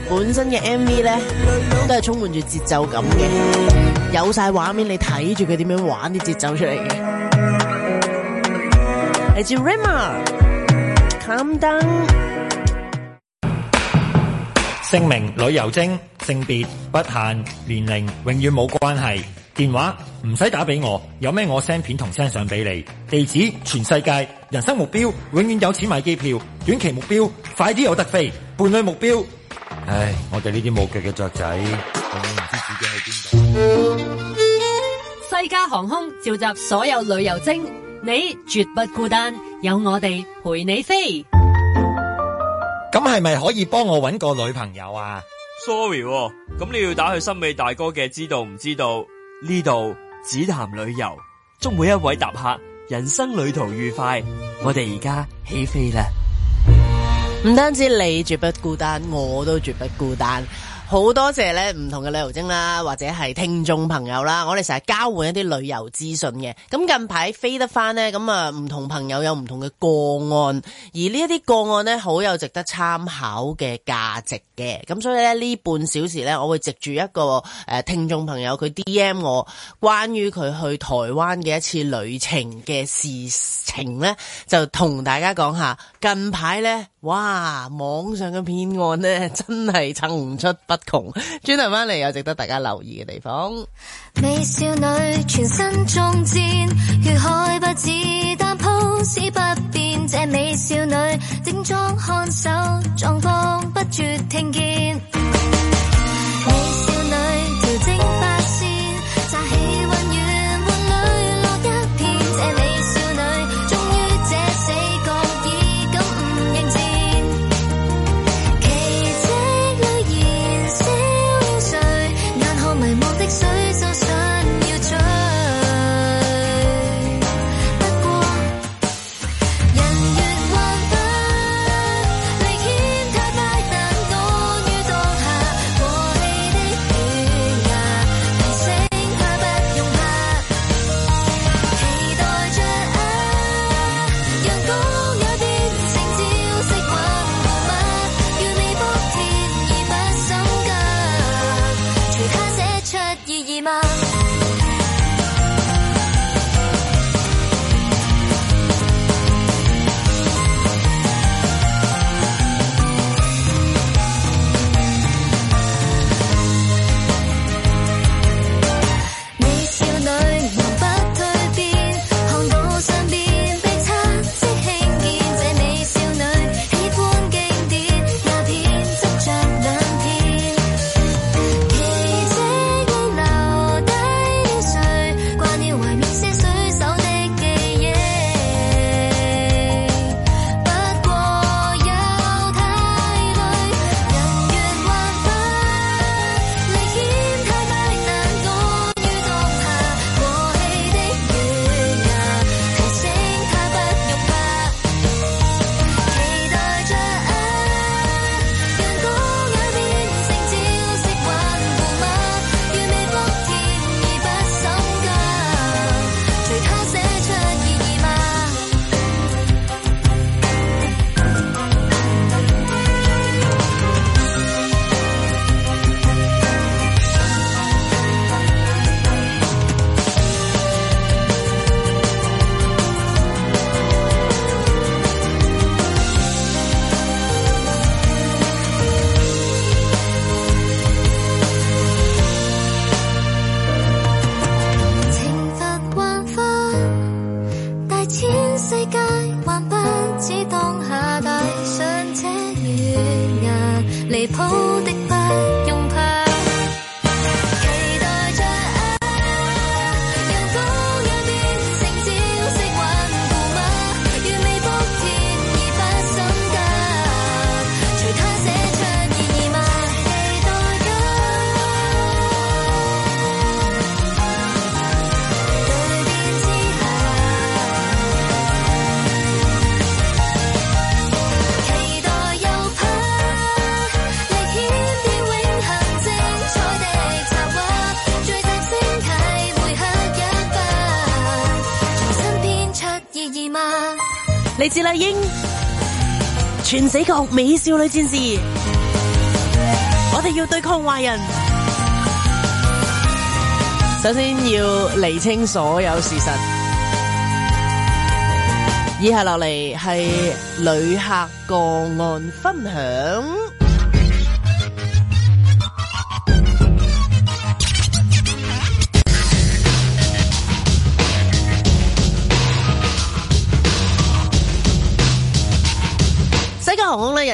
本身嘅 MV 咧，都係充滿住節奏感嘅，有晒畫面你睇住佢點樣玩啲節奏出嚟嘅。係 Joey Come down。姓名：旅遊精，性別不限，年齡永遠冇關係。電話唔使打俾我，有咩我 send 片同 send 相俾你。地址：全世界。人生目標永遠有錢買機票，短期目標快啲有得飛，伴侶目標，唉，我哋呢啲冇腳嘅雀仔，永遠唔知自己喺邊度。西加航空召集所有旅遊精，你絕不孤單，有我哋陪你飛。咁係咪可以幫我搵個女朋友啊？Sorry，咁、哦、你要打去森美大哥嘅，知道唔知道？呢度只談旅遊，祝每一位搭客。人生旅途愉快，我哋而家起飛啦！唔單止你絕不孤單，我都絕不孤單。好多謝咧，唔同嘅旅遊精啦，或者係聽眾朋友啦，我哋成日交換一啲旅遊資訊嘅。咁近排飛得翻咧，咁啊唔同朋友有唔同嘅個案，而呢一啲個案咧，好有值得參考嘅價值嘅。咁所以咧，呢半小時咧，我會藉住一個誒聽眾朋友佢 DM 我關於佢去台灣嘅一次旅程嘅事情咧，就同大家講下。近排咧，哇網上嘅騙案咧真係層出不窮窮，轉頭翻嚟有值得大家留意嘅地方。美少女全身中箭，血海不止，但姿勢不變，這美少女整裝看守，狀況不絕聽見。全死個美少女戰士，我哋要對抗壞人。首先要厘清所有事實。以下落嚟係旅客個案分享。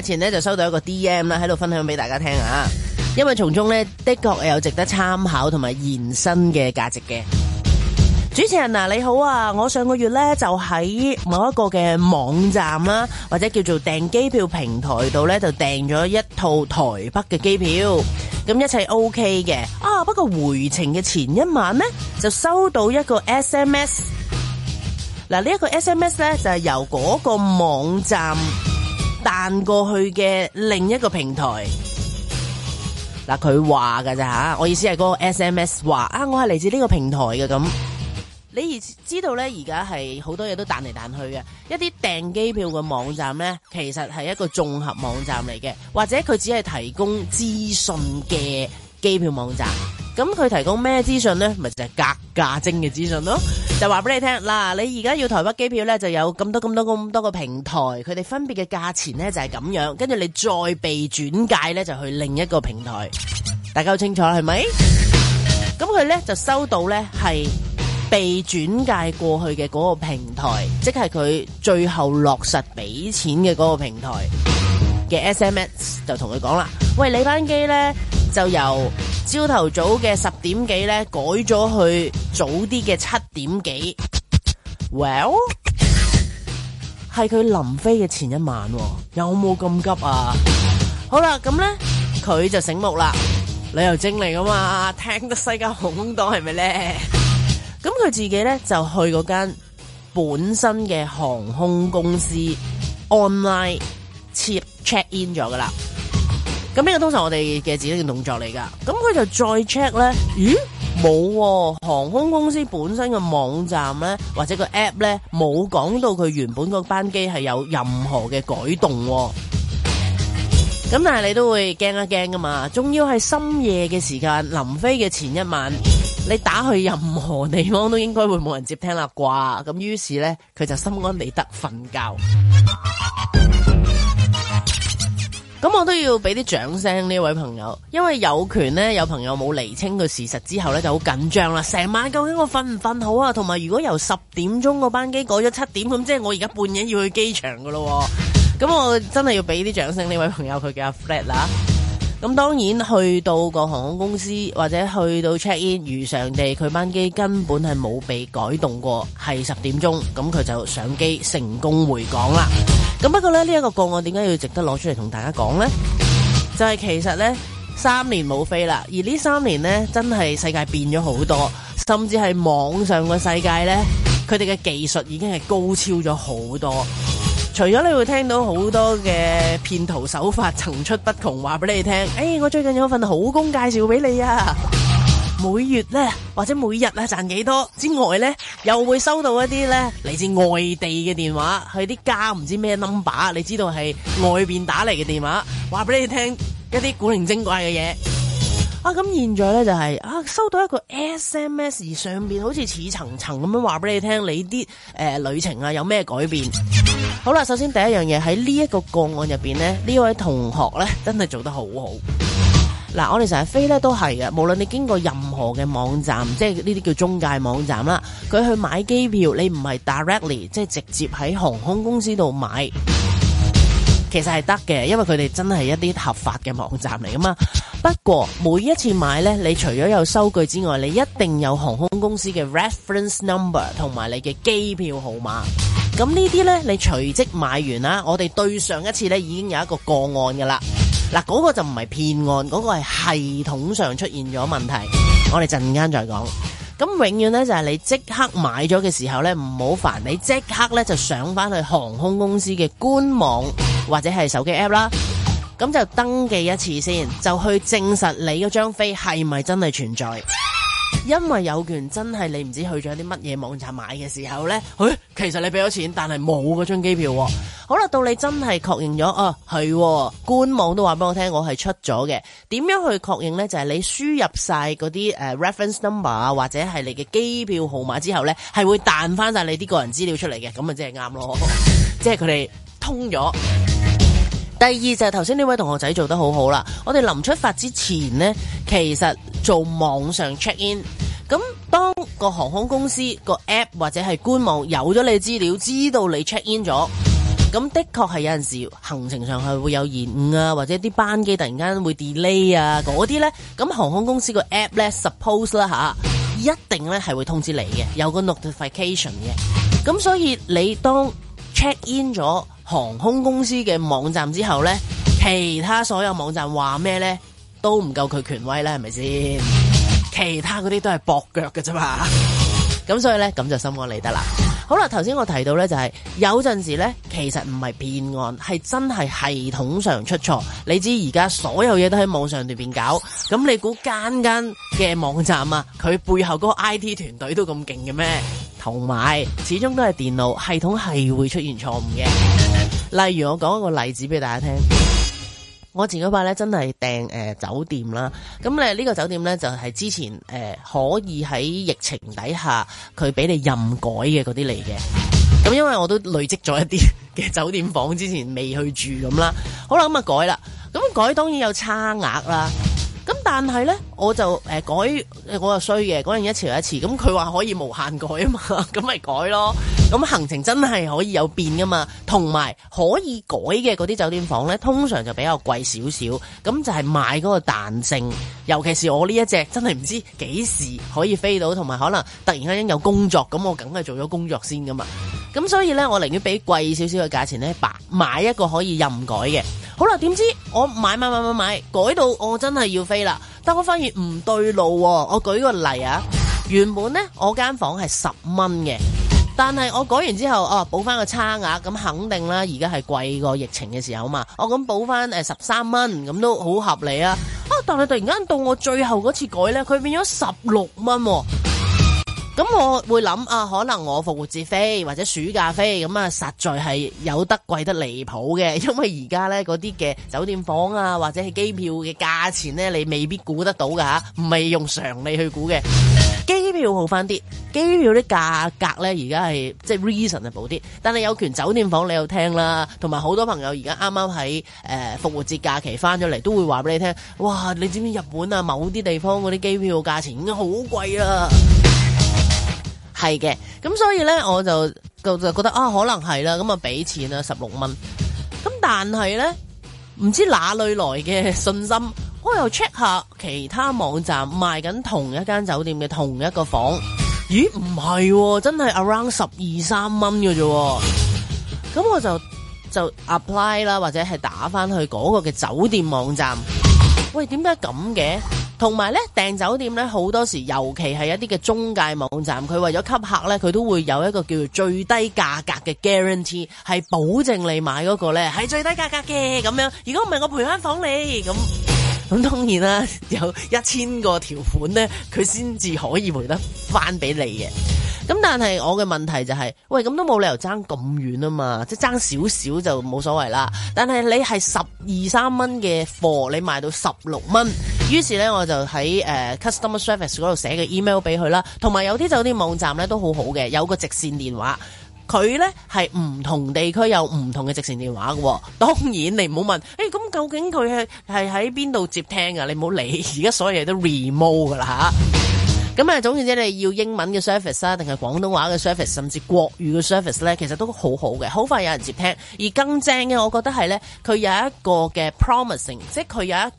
之前呢，就收到一個 D M 啦，喺度分享俾大家聽啊，因為從中呢，的確有值得參考同埋延伸嘅價值嘅。主持人嗱、啊、你好啊，我上個月呢，就喺某一個嘅網站啦，或者叫做訂機票平台度呢，就訂咗一套台北嘅機票，咁一切 O K 嘅啊，不過回程嘅前一晚呢，就收到一個 S M S，嗱呢、啊、一個 S M S 呢，就係、是、由嗰個網站。彈過去嘅另一個平台，嗱佢話㗎咋吓？我意思係嗰個 SMS 話啊，我係嚟自呢個平台嘅咁。你而知道呢？而家係好多嘢都彈嚟彈去嘅，一啲訂機票嘅網站呢，其實係一個綜合網站嚟嘅，或者佢只係提供資訊嘅機票網站。咁佢提供咩資訊呢？咪就係格價精嘅資訊咯。就話俾你聽，嗱，你而家要台北機票呢，就有咁多咁多咁多個平台，佢哋分別嘅價錢呢就係咁樣，跟住你再被轉介呢就去另一個平台，大家都清楚係咪？咁佢呢就收到呢係被轉介過去嘅嗰個平台，即係佢最後落實俾錢嘅嗰個平台。嘅 SMS 就同佢講啦，喂，你班機咧就由朝頭早嘅十點幾咧改咗去早啲嘅七點幾，Well 係佢臨飛嘅前一晚，有冇咁急啊？好啦，咁咧佢就醒目啦，旅遊精嚟噶嘛，聽得西加航空多係咪咧？咁佢 自己咧就去嗰間本身嘅航空公司 online。Che check in 咗噶啦，咁呢個通常我哋嘅指定動作嚟噶，咁佢就再 check 咧，咦冇、啊、航空公司本身嘅網站咧或者個 app 咧冇講到佢原本個班機係有任何嘅改動、啊，咁但係你都會驚一驚噶嘛，仲要係深夜嘅時間，臨飛嘅前一晚，你打去任何地方都應該會冇人接聽啦啩，咁於是咧佢就心安理得瞓覺。咁我都要俾啲掌聲呢位朋友，因為有權咧，有朋友冇厘清個事實之後咧就好緊張啦。成晚究竟我瞓唔瞓好啊？同埋如果由十點鐘個班機改咗七點，咁即係我而家半夜要去機場噶咯。咁我真係要俾啲掌聲呢位朋友，佢叫阿 Fred 啦。咁當然去到個航空公司或者去到 check in 如上地，佢班機根本係冇被改動過，係十點鐘，咁佢就上機成功回港啦。咁不過咧，呢一個個案點解要值得攞出嚟同大家講呢？就係其實呢三年冇飛啦，而呢三年呢真係世界變咗好多，甚至係網上嘅世界呢，佢哋嘅技術已經係高超咗好多。除咗你會聽到好多嘅騙徒手法層出不窮，話俾你聽。誒，我最近有份好工介紹俾你啊！每月呢，或者每日呢，賺幾多之外呢，又會收到一啲呢嚟自外地嘅電話，佢啲家唔知咩 number，你知道係外邊打嚟嘅電話，話俾你聽一啲古靈精怪嘅嘢。 啊，咁現在呢，就係、是、啊，收到一個 SMS，上面好似似層層咁樣話俾你聽你啲誒、呃、旅程啊有咩改變。好啦，首先第一樣嘢喺呢一個個案入邊呢，呢位同學呢，真係做得好好。嗱，我哋成日飛咧都係嘅，無論你經過任何嘅網站，即係呢啲叫中介網站啦，佢去買機票，你唔係 directly 即係直接喺航空公司度買，其實係得嘅，因為佢哋真係一啲合法嘅網站嚟㗎嘛。不過每一次買呢，你除咗有收據之外，你一定有航空公司嘅 reference number 同埋你嘅機票號碼。咁呢啲呢，你隨即買完啦，我哋對上一次呢已經有一個個案㗎喇。嗱，嗰個就唔係騙案，嗰個係系統上出現咗問題，我哋陣間再講。咁永遠呢，就係你即刻買咗嘅時候呢，唔好煩，你即刻呢就上翻去航空公司嘅官網或者係手機 app 啦，咁就登記一次先，就去證實你嗰張飛係咪真係存在。因為有權真係你唔知去咗啲乜嘢網站買嘅時候呢，誒，其實你俾咗錢，但係冇嗰張機票。好啦，到你真係確認咗，哦、啊，係官網都話俾我聽，我係出咗嘅。點樣去確認呢？就係、是、你輸入晒嗰啲誒、呃、reference number 啊，或者係你嘅機票號碼之後呢，係會彈翻晒你啲個人資料出嚟嘅。咁啊，即係啱咯，即係佢哋通咗。第二就係頭先呢位同學仔做得好好啦，我哋臨出發之前呢，其實做網上 check in，咁當個航空公司個 app 或者係官網有咗你資料，知道你 check in 咗，咁的確係有陣時行程上係會有延誤啊，或者啲班機突然間會 delay 啊，嗰啲呢。咁航空公司個 app 呢 suppose 啦嚇，一定呢係會通知你嘅，有個 notification 嘅，咁所以你當，Check in 咗航空公司嘅網站之後咧，其他所有網站話咩咧都唔夠佢權威啦，係咪先？ 其他嗰啲都係駁腳㗎啫嘛。咁 所以咧咁就心安理得啦。好啦，頭先我提到呢，就是，就係有陣時呢，其實唔係騙案，係真係系統上出錯。你知而家所有嘢都喺網上裏面搞，咁你估間間嘅網站啊，佢背後嗰個 IT 團隊都咁勁嘅咩？同埋始終都係電腦系統係會出現錯誤嘅。例如我講一個例子俾大家聽。我前嗰排咧真係訂誒酒店啦，咁咧呢個酒店咧就係之前誒、呃、可以喺疫情底下佢俾你任改嘅嗰啲嚟嘅，咁因為我都累積咗一啲嘅酒店房之前未去住咁啦，好啦咁啊改啦，咁改當然有差額啦，咁但係咧我就誒、呃、改我又衰嘅，嗰陣一次一次，咁佢話可以無限改啊嘛，咁咪改咯。咁行程真係可以有變噶嘛？同埋可以改嘅嗰啲酒店房呢，通常就比較貴少少。咁就係買嗰個彈性，尤其是我呢一隻真係唔知幾時可以飛到，同埋可能突然間有工作，咁我梗係做咗工作先噶嘛。咁所以呢，我寧願俾貴少少嘅價錢呢，白買一個可以任改嘅。好啦，點知我買買買買買，改到我真係要飛啦，但我發現唔對路喎。我舉個例啊，原本呢，我間房係十蚊嘅。但係我改完之後，哦、啊，補翻個差額，咁肯定啦，而家係貴過疫情嘅時候嘛，我咁補翻誒十三蚊，咁都好合理啊，啊！但係突然間到我最後嗰次改呢，佢變咗十六蚊喎。咁我會諗啊，可能我復活節飛或者暑假飛咁啊，實在係有得貴得離譜嘅，因為而家呢嗰啲嘅酒店房啊，或者係機票嘅價錢呢，你未必估得到嘅吓、啊，唔係用常理去估嘅。機票好翻啲，機票啲價格呢，而家係即係 reasonable 啲，但係有權酒店房你有聽啦，同埋好多朋友而家啱啱喺誒復活節假期翻咗嚟，都會話俾你聽，哇！你知唔知日本啊某啲地方嗰啲機票嘅價錢已經好貴啦？係嘅，咁所以咧，我就就就就覺得啊，可能係啦，咁啊，俾錢啦，十六蚊。咁但係咧，唔知哪裏來嘅信心，我又 check 下其他網站賣緊同一間酒店嘅同一個房，咦，唔係，哦，真係 around 十二三蚊嘅啫。咁我就就 apply 啦，或者係打返去嗰個嘅酒店網站。喂，點解咁嘅？同埋咧，訂酒店咧，好多時，尤其係一啲嘅中介網站，佢為咗吸客咧，佢都會有一個叫做最低價格嘅 guarantee，係保證你買嗰個咧係最低價格嘅咁樣。如果唔係，我賠返房你咁。咁當然啦，有一千個條款咧，佢先至可以回得翻俾你嘅。咁但係我嘅問題就係、是，喂，咁都冇理由爭咁遠啊嘛，即係爭少少就冇所謂啦。但係你係十二三蚊嘅貨，你賣到十六蚊，於是咧我就喺誒、uh, customer service 嗰度寫個 email 俾佢啦。同埋有啲酒店網站咧都好好嘅，有個直線電話。佢呢係唔同地區有唔同嘅直線電話嘅、哦，當然你唔好問，誒、欸、咁究竟佢係係喺邊度接聽啊？你唔好理而家所有嘢都 remote 嘅啦嚇。咁啊， 總言之，你要英文嘅 service 啊，定係廣東話嘅 service 甚至國語嘅 service 呢，其實都好好嘅，好快有人接聽。而更正嘅，我覺得係呢，佢有一個嘅 promising，即係佢有一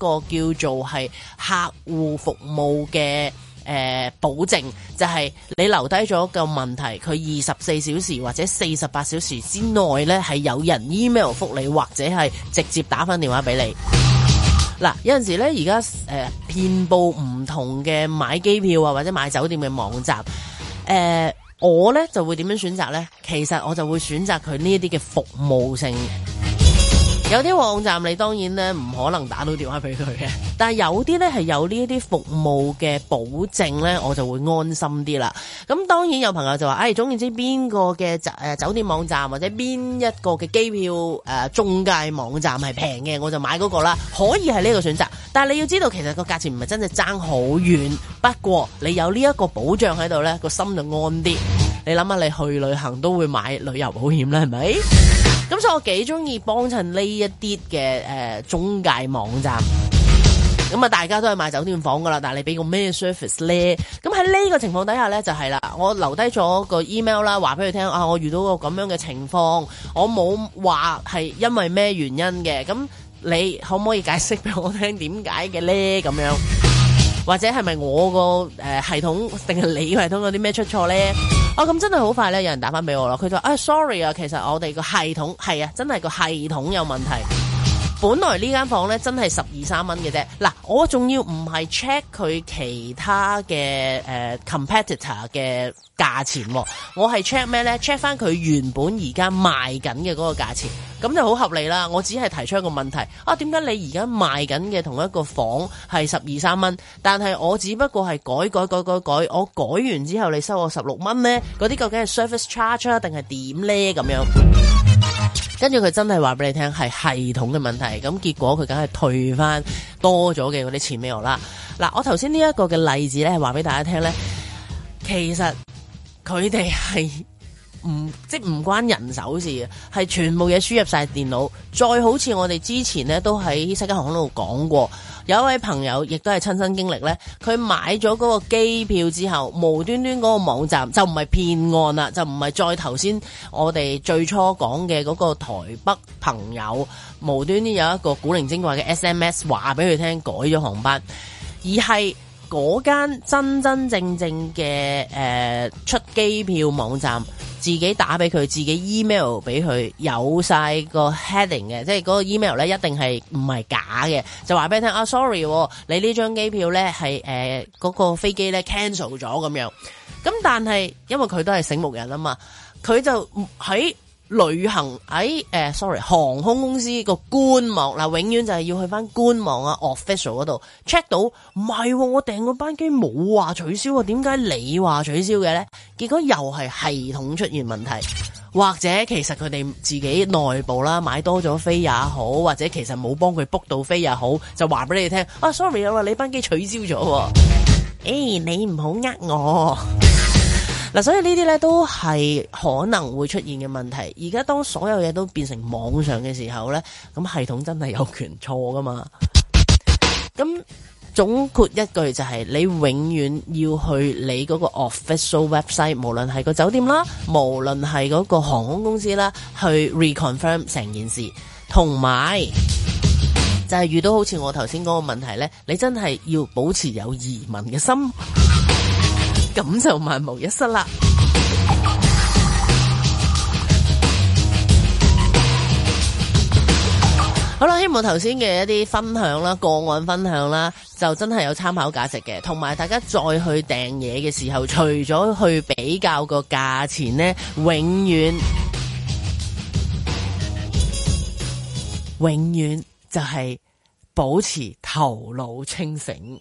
個叫做係客戶服務嘅。誒、呃，保證就係你留低咗個問題，佢二十四小時或者四十八小時之內呢係有人 email 覆你，或者係直接打返電話俾你。嗱、啊，有陣時呢而家誒，遍佈唔同嘅買機票啊或者買酒店嘅網站，誒、呃，我呢就會點樣選擇呢？其實我就會選擇佢呢一啲嘅服務性。有啲網站你當然咧唔可能打到電話俾佢嘅，但係有啲咧係有呢啲服務嘅保證咧，我就會安心啲啦。咁當然有朋友就話，哎，總之邊個嘅、呃、酒店網站或者邊一個嘅機票誒、呃、中介網站係平嘅，我就買嗰個啦。可以係呢個選擇，但係你要知道，其實個價錢唔係真係爭好遠。不過你有呢一個保障喺度咧，個心就安啲。你諗下，你去旅行都會買旅遊保險啦，係咪？咁、嗯、所以我幾中意幫襯呢一啲嘅誒中介網站，咁、嗯、啊大家都係賣酒店房噶啦，但係你俾個咩 service 咧？咁喺呢個情況底下咧就係、是、啦，我留低咗個 email 啦，話俾佢聽啊，我遇到個咁樣嘅情況，我冇話係因為咩原因嘅，咁你可唔可以解釋俾我聽點解嘅咧？咁樣。或者係咪我個誒系統定係你系統有啲咩出錯咧？哦，咁真係好快咧，有人打翻俾我啦。佢就話啊、哎、，sorry 啊，其實我哋個系統係啊，真係個系統有問題。本來呢間房咧真係十二三蚊嘅啫。嗱，我仲要唔係 check 佢其他嘅誒、uh, competitor 嘅價錢，我係 check 咩咧？check 翻佢原本而家賣緊嘅嗰個價錢。咁就好合理啦！我只係提出一個問題啊，點解你而家賣緊嘅同一個房係十二三蚊，但係我只不過係改改改改改，我改完之後你收我十六蚊咧？嗰啲究竟係 service charge 啊，定係點呢？咁樣， 跟住佢真係話俾你聽係系統嘅問題，咁結果佢梗係退翻多咗嘅嗰啲錢俾我啦。嗱、啊，我頭先呢一個嘅例子咧，話俾大家聽呢，其實佢哋係。唔，即唔關人手事嘅，係全部嘢輸入晒電腦。再好似我哋之前咧，都喺《世界行》度講過，有一位朋友亦都係親身經歷呢，佢買咗嗰個機票之後，無端端嗰個網站就唔係騙案啦，就唔係再頭先我哋最初講嘅嗰個台北朋友，無端端有一個古靈精怪嘅 SMS 話俾佢聽，改咗航班，而係嗰間真真正正嘅誒、呃、出機票網站。自己打俾佢，自己 email 俾佢，有晒個 heading 嘅，即係嗰個 email 咧一定係唔係假嘅，就話俾你聽啊，sorry，你呢張機票咧係誒嗰個飛機咧 cancel 咗咁樣，咁但係因為佢都係醒目人啊嘛，佢就喺，欸旅行喺誒，sorry，航空公司個官網嗱、呃，永遠就係要去翻官網 official 啊，official 嗰度 check 到唔係，我訂個班機冇話取消啊，點解你話取消嘅咧？結果又係系統出現問題，或者其實佢哋自己內部啦，買多咗飛也好，或者其實冇幫佢 book 到飛也好，就話俾你哋聽啊，sorry，我、啊、話你班機取消咗，啊，誒， hey, 你唔好呃我。 嗱、啊，所以呢啲咧都係可能會出現嘅問題。而家當所有嘢都變成網上嘅時候呢咁系統真係有權錯㗎嘛？咁 總括一句就係、是，你永遠要去你嗰個 official website，無論係個酒店啦，無論係嗰個航空公司啦，去 reconfirm 成件事，同埋就係、是、遇到好似我頭先嗰個嘅問題咧，你真係要保持有疑問嘅心。咁就萬無一失啦！好啦，希望頭先嘅一啲分享啦，個案分享啦，就真係有參考價值嘅。同埋，大家再去訂嘢嘅時候，除咗去比較個價錢呢，永遠，永遠就係保持頭腦清醒。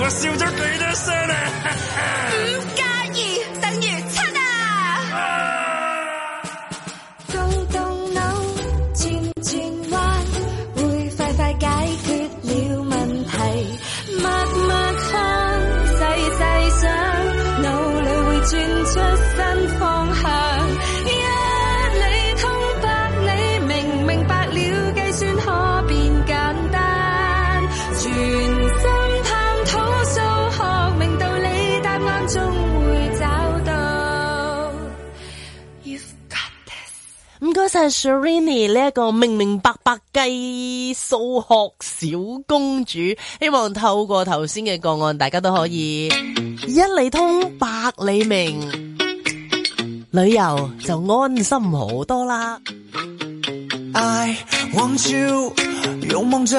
我笑咗幾多聲啊！ 多謝，謝 Sirini 呢一個明明白白計數學小公主，希望透過頭先嘅個案，大家都可以一理通百理明，旅遊就安心好多啦。I want you, 勇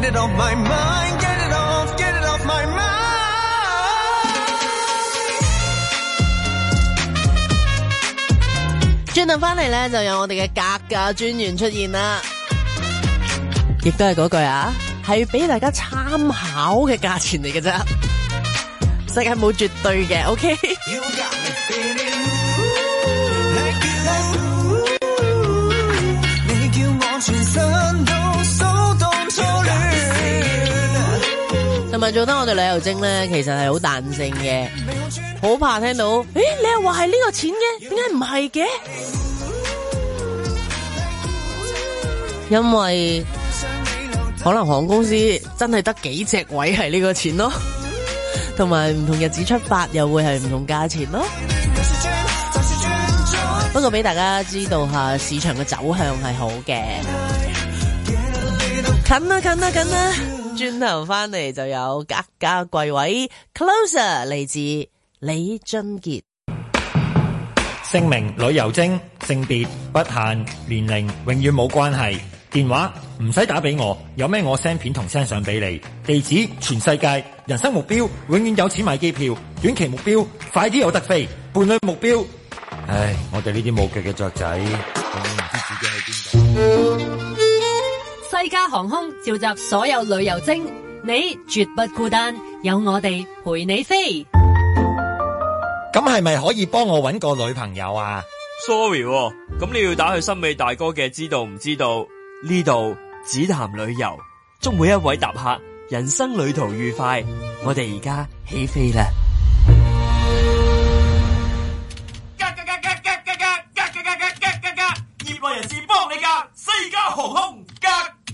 轉頭翻嚟咧，就有我哋嘅格價專員出現啦，亦都係嗰句啊，係俾大家參考嘅價錢嚟嘅啫，世界冇絕對嘅，OK。做得我哋旅遊精咧，其實係好彈性嘅，好怕聽到，誒，你又話係呢個錢嘅，點解唔係嘅？因為可能航空公司真係得幾隻位係呢個錢咯，同埋唔同日子出發又會係唔同價錢咯。 不過俾大家知道下，市場嘅走向係好嘅，啊。近啦，啊，近啦，啊，近啦！轉頭翻嚟就有格價貴位，closer 嚟自李俊杰。姓名旅遊精，性別不限，年齡永遠冇關係。電話唔使打俾我，有咩我 send 片同 send 相俾你。地址全世界，人生目標永遠有錢買機票，短期目標快啲有得飛，伴侶目標，唉，我哋呢啲冇腳嘅雀仔，永遠唔知自己喺邊度。西加航空召集所有旅遊精，你絕不孤單，有我哋陪你飛。咁係咪可以幫我搵個女朋友啊？Sorry 喎，咁你要打去森美大哥嘅，知道唔知道？呢度只談旅遊，祝每一位搭客人生旅途愉快。我哋而家起飛啦！業內人士幫你㗎，西加航空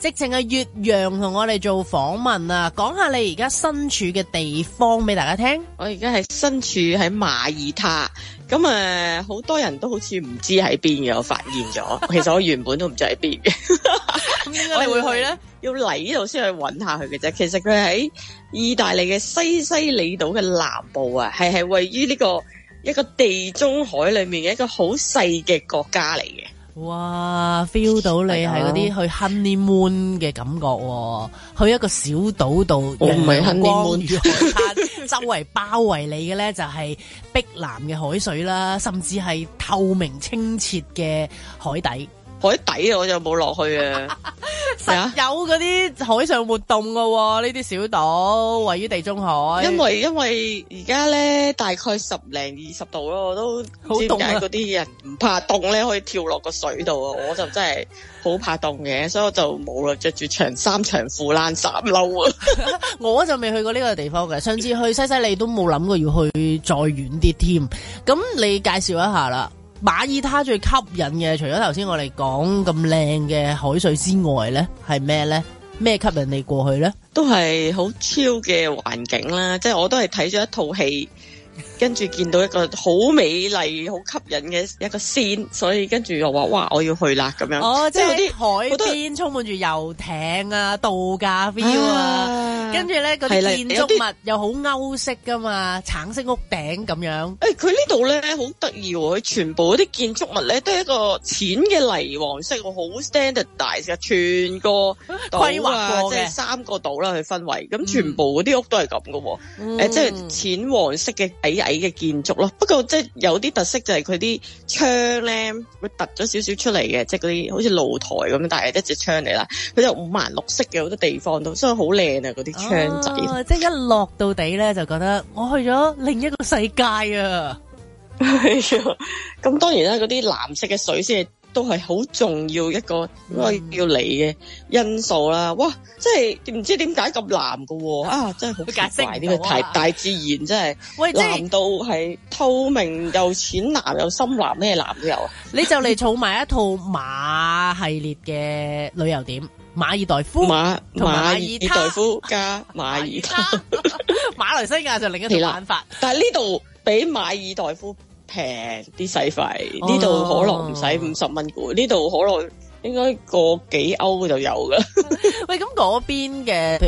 直情係越洋同我哋做訪問啊，講下你而家身處嘅地方俾大家聽。我而家係身處喺馬爾他，咁誒好多人都好似唔知喺邊嘅，我發現咗。 其實我原本都唔知喺邊嘅，我 哋 會去咧，要嚟呢度先去揾下佢嘅啫。其實佢喺意大利嘅西西里島嘅南部啊，係係位於呢、這個一個地中海裏面嘅一個好細嘅國家嚟嘅。哇，feel 到你係嗰啲去 honeymoon 嘅感覺，哦，去一個小島度，唔係 honeymoon 陽光與海灘， 周圍包圍你嘅咧就係碧藍嘅海水啦，甚至係透明清澈嘅海底。海底啊，我就冇落去啊。係啊，有嗰啲海上活動噶，呢啲 小島位於地中海。因為因為而家咧大概十零二十度咯，我都好凍，嗰啲人唔怕凍咧可以跳落個水度啊。我就真係好怕凍嘅，所以我就冇啦，着住長衫長褲爛衫褸啊。 我就未去過呢個地方嘅，上次去西西里都冇諗過要去再遠啲添。咁你介紹一下啦。馬爾他最吸引嘅，除咗頭先我哋講咁靚嘅海水之外呢，係咩呢？咩吸引你過去呢？都係好 chill 嘅環境啦，即係我都係睇咗一套戲。跟住見到一個好美麗、好吸引嘅一個線，所以跟住又話：哇，我要去啦咁樣。哦，即係啲海邊充滿住遊艇啊、度假 feel 啊。跟住咧，個建築物又好歐式噶嘛，橙色屋頂咁樣。誒，佢呢度咧好得意喎，佢全部嗰啲建築物咧都係一個淺嘅泥黃色，好 standard 大嘅，全個島啊規劃過，即係三個島啦，去分為。咁全部嗰啲屋都係咁噶喎，誒，即係淺黃色嘅。矮矮嘅建築咯，不過即係有啲特色就係佢啲窗咧會凸咗少少出嚟嘅，即係嗰啲好似露台咁樣，但係一隻窗嚟啦。佢就五顏六色嘅好多地方都，所以好靚啊！嗰啲窗仔，即係一落到地咧就覺得我去咗另一個世界啊！咁 當然啦，嗰啲藍色嘅水先係。都係好重要一個要嚟嘅因素啦！嗯、哇，即係唔知點解咁藍噶，啊，真係好怪啲個牌，大、啊、自然真係，藍到係透明又淺藍又深藍咩藍都有。你就嚟儲埋一套馬系列嘅旅遊點，馬爾代夫馬、馬爾馬爾代夫加馬爾他，馬來爾 西亞就另一種玩法。嗯、但係呢度比馬爾代夫，平啲使費，呢度、哦、可樂唔使五十蚊，呢度可樂應該個幾歐就有噶、嗯。 喂，咁嗰邊嘅，譬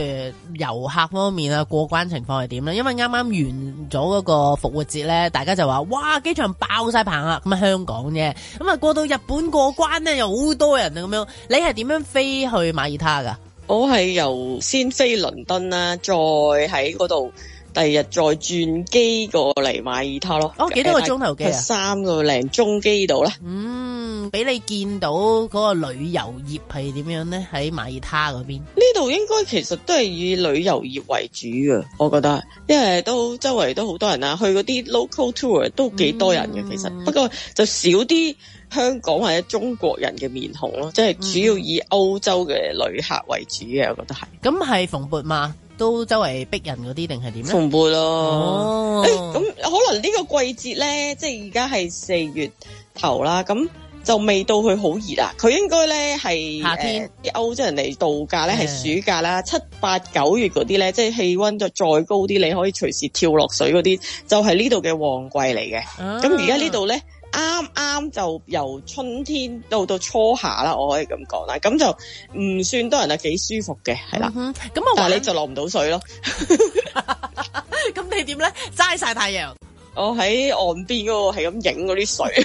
如遊客方面啊，過關情況係點咧？因為啱啱完咗嗰個復活節咧，大家就話哇機場爆晒棚啊！咁啊香港啫，咁啊過到日本過關咧又好多人啊咁樣。你係點樣飛去馬爾他噶？我係由先飛倫敦啦，再喺嗰度。第二日再轉機過嚟馬爾他咯。哦，幾多個鐘頭嘅？啊、呃？三個零鐘機度咧。嗯，俾你見到嗰個旅遊業係點樣咧？喺馬爾他嗰邊？呢度應該其實都係以旅遊業為主嘅，我覺得。因為都周圍都好多人啦，去嗰啲 local tour 都幾多人嘅，嗯、其實不過就少啲香港或者中國人嘅面紅咯。即、就、係、是、主要以歐洲嘅旅客為主嘅，我覺得係。咁係蓬勃嘛。嗯嗯都周圍逼人嗰啲定係點咧？重播咯。咁、哦欸，可能呢個季節咧，即係而家係四月頭啦，咁就未到佢好熱啦。佢應該咧係夏天，歐洲、呃、人嚟度假咧係是暑假啦，七八九月嗰啲咧，即係氣溫就再高啲，你可以隨時跳落水嗰啲，就係呢度嘅旺季嚟嘅。咁而家呢度咧？啱啱就由春天到到初夏啦，我可以咁講啦，咁就唔算多人啊，幾舒服嘅，係啦、嗯哼。咁我話你就落唔到水咯。咁、嗯嗯嗯、你點咧？齋曬太陽。我喺岸邊嗰、那個係咁影嗰啲水，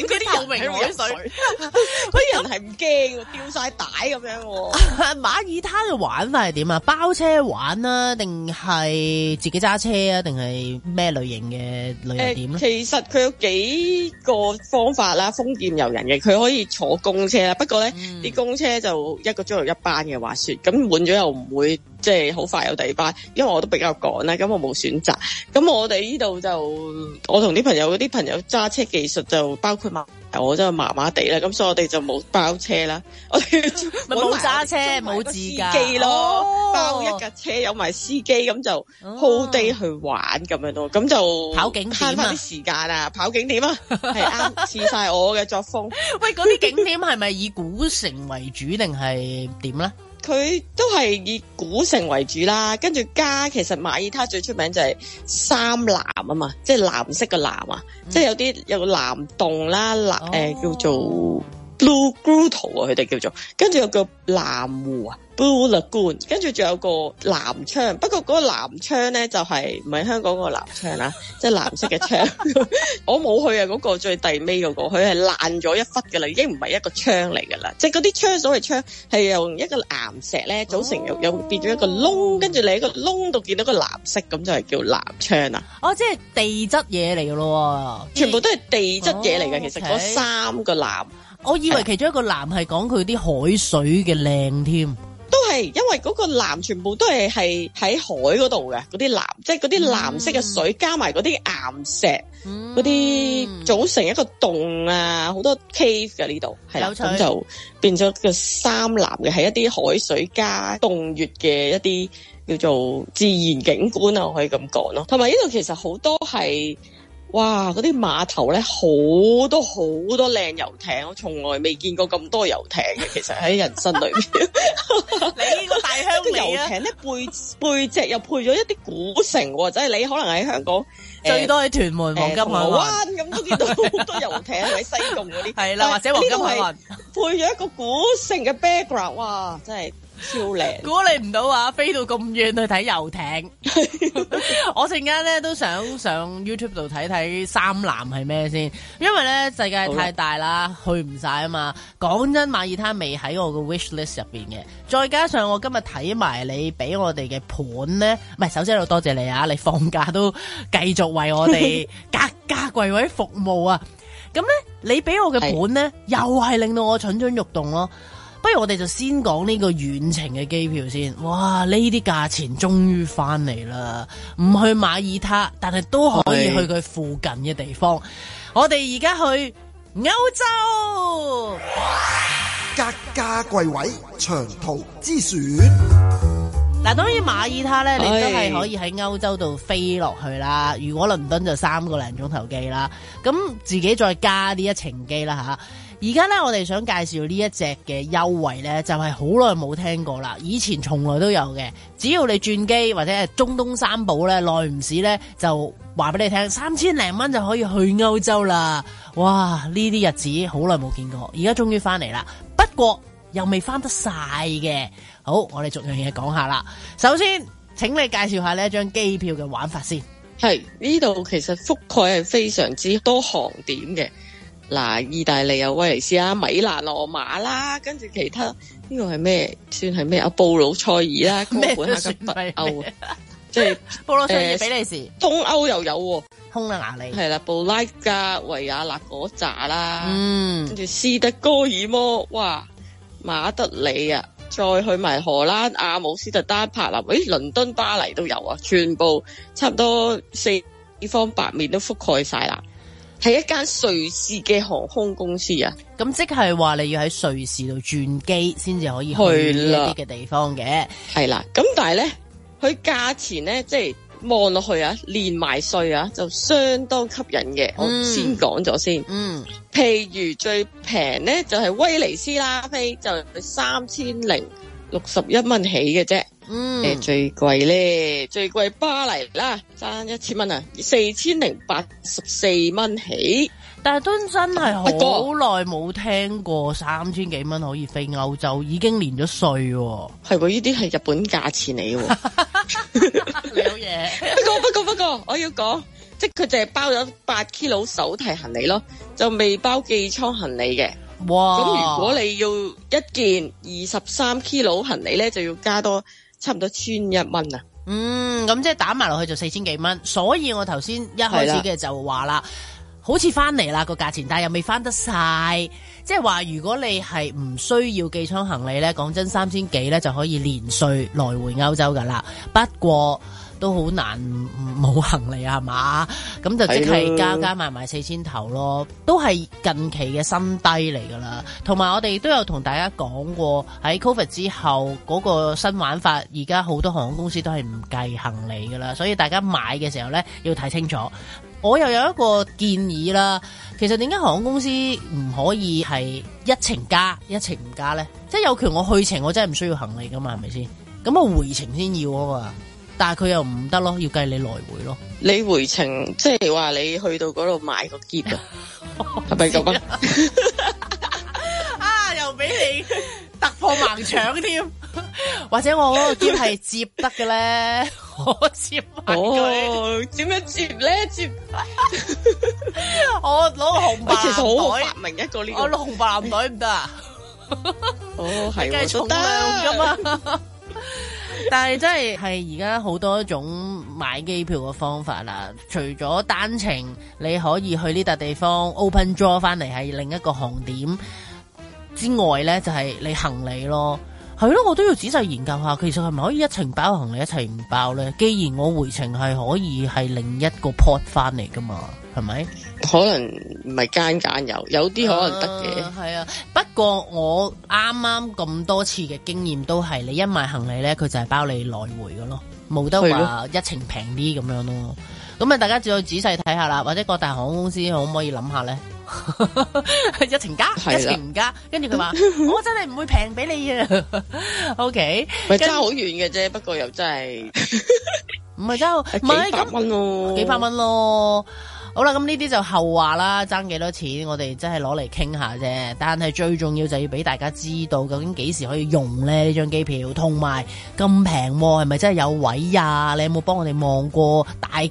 影嗰啲人喺玩水。嗰啲 人係唔驚，丟晒帶咁樣。 馬爾他嘅玩法係點啊？包車玩啊，定係自己揸車啊？定係咩類型嘅旅型？點啊、呃？其實佢有幾個方法啦，封建遊人嘅，佢可以坐公車啦。不過咧，啲、嗯、公車就一個鐘頭一班嘅話說。咁換咗又唔會。即係好快有第二班，因為我都比較趕咧，咁我冇選擇。咁我哋呢度就，我同啲朋友嗰啲朋友揸車技術就包括嘛，我真係麻麻地啦。咁所以我哋就冇包車啦。我哋冇揸車，冇司機咯，oh, 包一架車有埋司機，咁就好地去玩咁、oh. 樣都，咁就跑景點慳返啲時間啊，跑景點啊，係啱似晒我嘅作風。 喂，嗰啲景點係咪以古城為主定係點咧？佢都係以古城為主啦，跟住加其實馬爾他最出名就係三藍啊嘛，即係藍色嘅藍啊，嗯、即係有啲有個藍洞啦，藍誒、哦呃、叫做。Blue Grotto 啊，佢哋叫做，跟住有個藍湖啊，Blue Lagoon，跟住仲有個藍窗，不過嗰個藍窗咧就係唔係香港個藍窗啦，即係 藍色嘅窗， 我冇去啊嗰、那個最第尾嗰個，佢係爛咗一忽嘅啦，已經唔係一個窗嚟噶啦，即係嗰啲窗所謂窗係用一個岩石咧組成有，又又、哦、變咗一個窿，跟住你喺個窿度見到個藍色，咁就係叫藍窗啦，哦，即係地質嘢嚟噶咯， 全部都係地質嘢嚟嘅，其實嗰三個藍。我以為其中一個藍係講佢啲海水嘅靚添，都係因為嗰個藍全部都係係喺海嗰度嘅嗰啲藍，即係嗰啲藍色嘅水加埋嗰啲岩石，嗰啲組成一個洞啊，好多 cave 嘅呢度，係啦，咁就變咗個三藍嘅係一啲海水加洞穴嘅一啲叫做自然景觀啊，我可以咁講咯。同埋呢度其實好多係。哇！嗰啲碼頭咧，好多好多靚遊艇，我從來未見過咁多遊艇嘅。其實喺人生裏邊， 你個大鄉里遊艇咧，背背脊又配咗一啲古城，或、哦、者、就係、你可能喺香港最多喺屯門黃金海岸咁、呃、都見到好多遊艇喺 西貢嗰啲，係啦 是，或者黃金海岸配咗一個古城嘅 background，哇！真係～超靚，估你唔到啊！飛到咁遠去睇遊艇，我陣間咧都想上 YouTube 度睇睇三藍係咩先，因為咧世界太大啦，去唔晒啊嘛。講真，馬爾他未喺我嘅 wish list 入邊嘅，再加上我今日睇埋你俾我哋嘅盤咧，唔係首先又多謝你啊！你放假都繼續為我哋各家櫃位服務啊！咁咧，你俾我嘅盤咧，又係令到我蠢蠢欲動咯。不如我哋就先講呢個遠程嘅機票先，哇！呢啲價錢終於翻嚟啦，唔去馬耳他，但係都可以去佢附近嘅地方。是我哋而家去歐洲，格價貴位長途之選。嗱，當然馬耳他呢，你都係可以喺歐洲度飛落去啦。是如果倫敦就三個零鐘頭機啦，咁自己再加啲一程機啦吓。而家呢，我哋想介紹呢一隻嘅優惠呢，就係好耐冇聽過啦。以前從來都有嘅，只要你轉機或者係中東三寶呢，耐唔時呢，就話俾你聽，三千零蚊就可以去歐洲啦。哇！呢啲日子好耐冇見過，而家終於翻嚟啦。不過又未翻得晒嘅。好，我哋逐樣嘢講下啦。首先，請你介紹下呢張機票嘅玩法先。係，呢度其實覆蓋係非常之多航點嘅。嗱，意大利有威尼斯啊，米蘭、羅馬啦，跟住其他呢、這個係咩？算係咩？阿布魯塞爾啦，咩 都算係歐。即係布魯塞爾比利時。東 歐又有喎，匈牙利。係啦，布拉加、維也納嗰拃啦。嗯，跟住斯德哥爾摩。哇，馬德里啊，再去埋荷蘭阿姆斯特丹、柏林。咦，倫敦、巴黎都有啊，全部差唔多四方八面都覆蓋晒啦。係一間瑞士嘅航空公司啊，咁即係話你要喺瑞士度轉機先至可以去呢啲嘅地方嘅，係啦。咁但係咧，佢價錢咧，即係望落去啊，連埋稅啊，就相當吸引嘅。嗯、我先講咗先，嗯，譬如最平咧就係、是、威尼斯啦，飛就三千零六十一蚊起嘅啫。嗯，誒，最貴咧，最貴巴黎啦，爭一千蚊啊，四千零八十四蚊起。但係都真係好好耐冇聽過三千幾蚊可以飛歐洲，已經連咗稅。係喎，呢啲係日本價錢嚟嘅。兩嘢。不過不過不過，我要講，即係佢淨係包咗八 kilo 手提行李咯，就未包寄倉行李嘅。哇！咁如果你要一件二十三 kilo 行李咧，就要加多。差唔多千一蚊啊，嗯，咁即係打埋落去就四千幾蚊，所以我頭先一開始嘅就話啦，的好似翻嚟啦個價錢，但係又未翻得晒，即係話如果你係唔需要寄倉行李呢，講真三千幾呢，3, 就可以連稅來回歐洲噶啦，不過。都好難冇行李啊，係嘛？咁就即係是、啊、加加埋埋四千頭咯，都係近期嘅新低嚟噶啦。同埋我哋都有同大家講過，喺 Covid 之後嗰、那個新玩法，而家好多航空公司都係唔計行李噶啦，所以大家買嘅時候呢，要睇清楚。我又有一個建議啦，其實點解航空公司唔可以係一程加一程唔加呢？即係有權我去程，我真係唔需要行李噶嘛？係咪先？咁我回程先要啊嘛？但係佢又唔得咯，要計你來回咯。你回程即係話你去到嗰度買個箧啊，係咪咁啊？ 啊，又俾你突破盲腸添， 或者我嗰個箧係接得嘅咧， 我接埋佢。點樣、oh, 接咧？接 我攞個紅白藍袋，其實好發明一個呢、這、攞、個、 紅白藍袋唔得啊？哦、 oh,，係，你係重量噶 但係真係，係而家好多種買機票嘅方法啦，除咗單程你可以去呢笪地方 open draw 翻嚟係另一個航點之外呢就係、是、你行李咯，係咯，我都要仔細研究下，其實係咪可以一程包行李一程唔包呢？既然我回程係可以係另一個 port 翻嚟噶嘛，係咪？可能唔係間間有，有啲可能得嘅。係啊，不過我啱啱咁多次嘅經驗都係，你一買行李咧，佢就係包你來回㗎咯，冇得話一程平啲咁樣咯。咁啊，大家再仔細睇下啦，或者各大航空公司可唔可以諗下咧？一程加，一程唔加，跟住佢話我真係唔會平俾你啊。OK，咪差好遠嘅啫，不過又真係唔係差，唔係咁幾百蚊咯，幾百蚊咯。好啦，咁呢啲就後話啦。爭幾多錢，我哋真係攞嚟傾下啫。但係最重要就要俾大家知道，究竟幾時可以用咧？呢張機票同埋咁平喎，係咪、啊、真係有位呀、啊？你有冇幫我哋望過？大概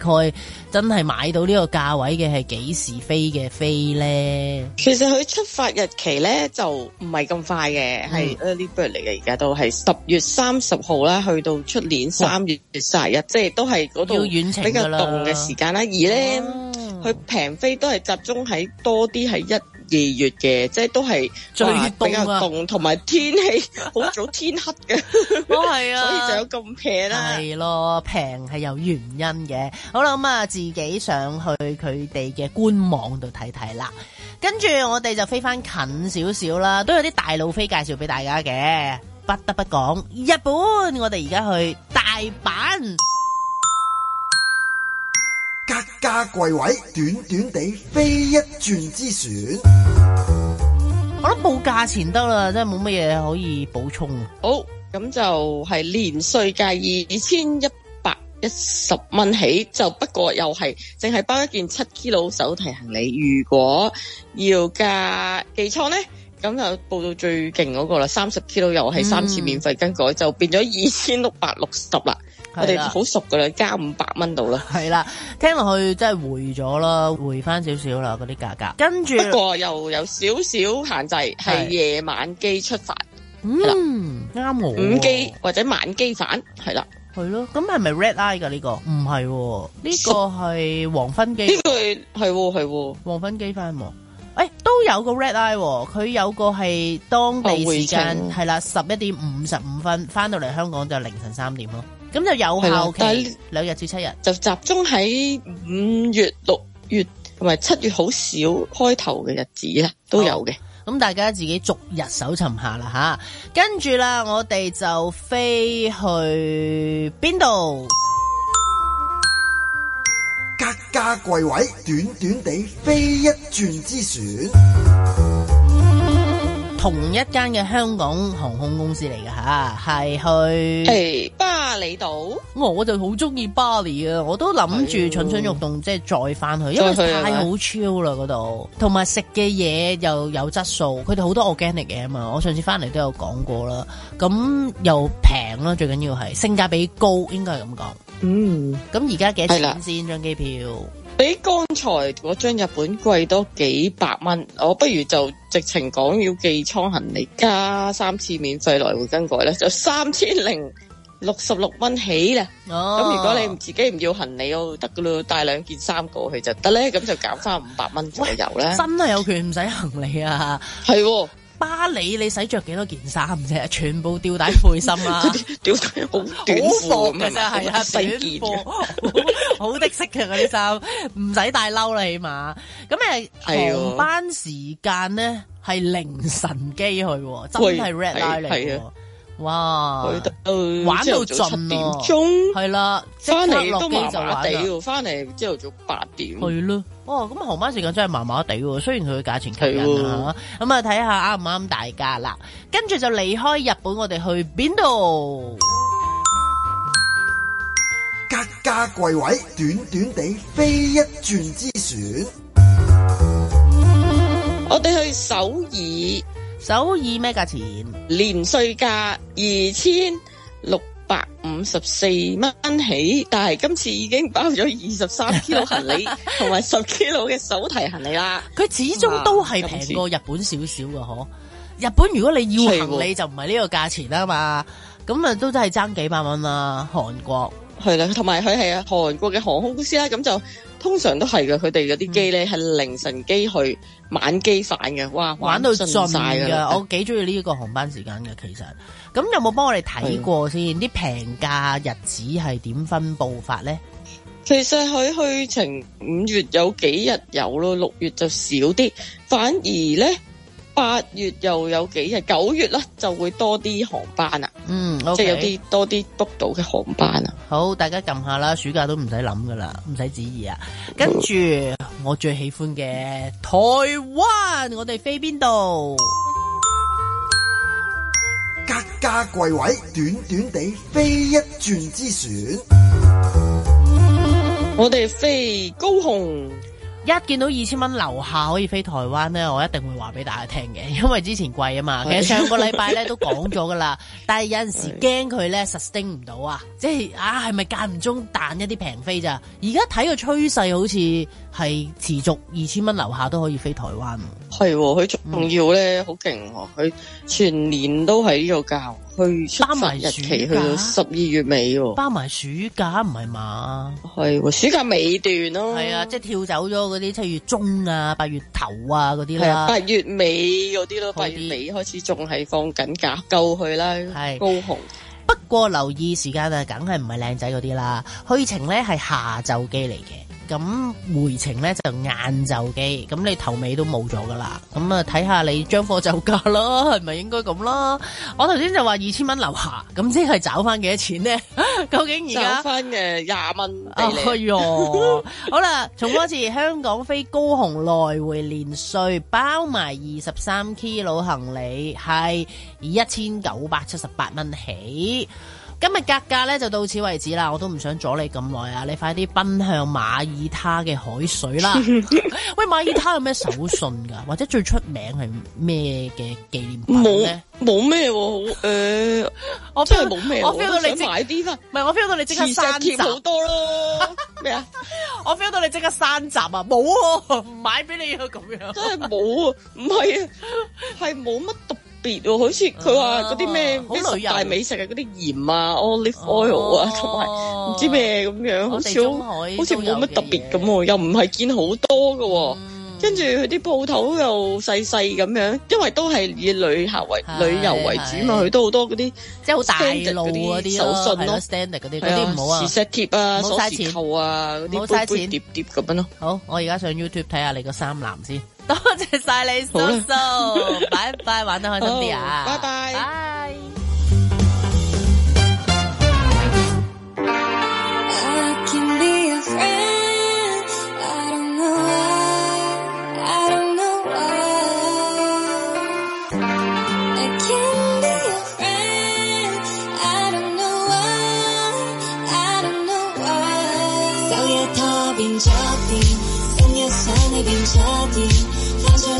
真係買到個價飛飛呢個價位嘅係幾時飛嘅飛咧？其實佢出發日期咧就唔係咁快嘅，係 early bird 嚟嘅。而家都係十月三十號啦，去到出年三月十日，嗯、即係都係嗰度比較凍嘅時間啦。而咧～、嗯佢平飛都係集中喺多啲喺一二月嘅，即係都係最，比較凍，同埋天氣好早天黑嘅， 哦係啊，所以就有咁平啦。係咯，平係有原因嘅。好啦，咁、嗯、啊，自己上去佢哋嘅官網度睇睇啦。跟住我哋就飛返近少少啦，都有啲大路飛介紹俾大家嘅，不得不講日本，我哋而家去大阪。格價貴位，短短地飛一轉之選，我諗報價錢得啦，真係冇乜嘢可以補充。好，咁就係年稅價二千一百一十蚊起，就不過又係淨係包一件七 kilo 手提行李。如果要加寄倉呢，咁就報到最勁嗰個啦，三十 kilo 又係三次免費更改，嗯、就變咗二千六百六十啦。啊、我哋好熟噶啦，加五百蚊度啦。係啦、啊，聽落去真係回咗啦，回翻少少啦，嗰啲價格。跟住着不過又有少少限制，係是夜晚機出發。嗯，啱五午機或者晚機返係啦，係咯、啊。咁係咪 red eye 噶呢、呢個？唔係呢個係黃昏機，呢個係係黃昏機翻。誒、欸，都有個 red eye，佢有個係當地時間係啦，十一點五十五分翻到嚟香港就凌晨三點咯。咁就有效期，但係兩日至七日就集中喺五月、六月同埋七月好少開頭嘅日子啦，都有嘅。咁、哦、大家自己逐日搜尋下啦，吓。跟住啦，我哋就飛去邊度？格價貴位，短短地飛一轉之船。同一間嘅香港航空公司嚟嘅吓，係去去、hey, 巴厘島。我就好中意巴厘啊，我都諗住蠢蠢欲動，即係再翻去，因為太好超 h 啦嗰度，同埋食嘅嘢又有質素，佢哋好多 organic 嘢啊嘛。我上次翻嚟都有講過啦，咁又平啦，最緊要係性價比高，應該係咁講。嗯，咁而家幾錢先張機票？比剛才嗰張日本貴多幾百蚊，我不如就直情講要寄倉行李加三次免費來回更改咧，就三千零六十六蚊起啦。咁、哦、如果你自己唔要行李，我得噶咯，帶兩件衫過去就得咧，咁就減翻五百蚊左右咧。真係有權唔使行李啊！係。 巴里，你使着幾多件衫啫？全部吊帶背心啦、啊，吊 帶好短褲嘅啫，係啊、就是，件短褲，好得 色嘅嗰啲衫，唔使帶褸啦，起碼。咁誒，航班時間咧係凌晨機去、啊，真係 red line 嚟嘅。哇！玩到盡咯，係啦，翻嚟的都冇就地喎，翻嚟朝頭早八點，去咯，哦，咁航班時間真係麻麻地喎，雖然佢嘅價錢吸引吓，咁的啊睇下啱唔啱大家啦。跟住就離開日本，我哋去邊度？格價貴位，短短地飛一轉之選。嗯，我哋去首爾。首爾咩價錢？年稅價二千六百五十四蚊起，但係今次已經包咗二十三 K 行李同埋十 K 嘅手提行李啦。佢始終都係平過日本少少㗎，嗬、啊！日本如果你要行李就唔係呢個價錢啦嘛。咁啊的，都真係爭幾百蚊啦。韓國係啦，同埋佢係啊，韓國嘅航空公司啦，咁就通常都係嘅。佢哋嗰啲機咧係凌晨機去。嗯晚機曬嘅，哇，玩到盡嘅，盡我幾中意呢個航班時間嘅其實。咁有冇幫我哋睇過先啲的平價日子係點分佈法咧？其實佢去程五月有幾日有咯，六月就少啲，反而咧。八月又有幾日，九月啦就會多啲航班啦，嗯，即係有啲多啲 book 到嘅航班啊。好，大家撳下啦，暑假都唔使諗噶啦，唔使旨意啊。跟住我最喜歡嘅台灣，我哋飛邊度？格價櫃位，短短地飛一轉之選，我哋飛高雄。一見到二千蚊樓下可以飛台灣咧，我一定會話俾大家聽嘅，因為之前貴啊嘛。其實上個禮拜咧都講咗噶啦， 但係有陣時驚佢咧實定唔到啊，即係啊係咪間唔中彈一啲平飛咋？而家睇個趨勢好似。係持續二千蚊樓下都可以飛台灣，嗯，係佢仲要咧好勁，佢，哦，全年都喺呢度教，去，包埋日期去到十二月尾，哦，包埋暑假唔係嘛？係，哦，暑假尾段咯，啊，係啊，即係跳走咗嗰啲七月中啊，八月頭啊嗰啲啊，係啊對八月尾嗰啲咯，八月尾開始仲係放緊假，夠去啦，係高雄。不過留意時間啊，梗係唔係靚仔嗰啲啦，去程咧係下晝機嚟嘅。咁回程咧，就晏晝機，咁你頭尾都冇咗噶啦。咁啊，睇下你將貨就價啦，係咪應該咁啦？我頭先就話二千蚊樓下，咁即係找翻幾多錢咧？究竟而家找翻嘅廿蚊？哎喲， 好啦，重複一次，香港飛高雄來回年稅，連稅包埋二十三 kilo 行李，係一千九百七十八蚊起。今日格價咧就到此為止啦，我都唔想阻你咁耐啊！你快啲奔向馬爾他嘅海水啦！ 喂，馬爾他有咩手信噶？或者最出名係咩嘅紀念品咧？冇冇咩？誒，我真係冇咩。我 feel 到你想買啲啦，唔係我 feel 到你即刻刪集好多咯。咩啊？我 feel、欸啊、到你即刻刪集 啊！冇，唔買俾你啊！咁樣真係冇，啊！唔 係 啊，係冇乜獨。 別好似佢話嗰啲咩大美食啊，嗰啲鹽啊、olive oil 啊同埋唔知咩咁樣，好少好似冇乜特別咁喎，又唔係見好多㗎喎。跟住佢啲鋪頭又細細咁樣，因為都係以旅行為旅遊為主嘛。佢都好多嗰啲即係好大路啲手信咯，standard 嗰啲，啲唔好啊。磁石貼啊，鎖匙扣啊，嗰啲杯碟碟咁樣咯。好，我而家上 YouTube 睇下你個三欄先。多謝晒你叔叔，拜拜好吧 素，玩得開心啲啊！拜拜。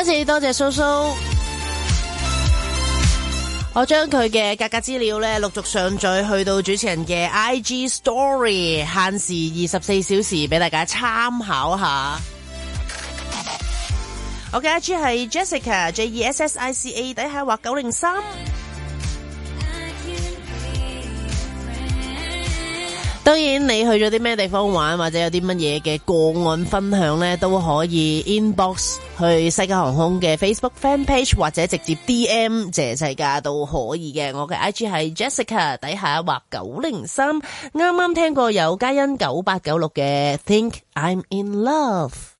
多謝多謝蘇蘇，我將佢嘅價格資料咧陸續上載去到主持人嘅 I G Story，限時二十四小時俾大家參考下。我嘅 I G 係 Jessica J E S S I C A，底下劃九零三。當然，你去咗啲咩地方玩，或者有啲乜嘢嘅個案分享呢，都可以 inbox 去西加航空嘅 Facebook fan page，或者直接 DM 謝茜嘉都可以嘅。我嘅 IG 係 Jessica 底下畫九零三，啱啱聽過有嘉欣九八九六嘅 Think I'm in love。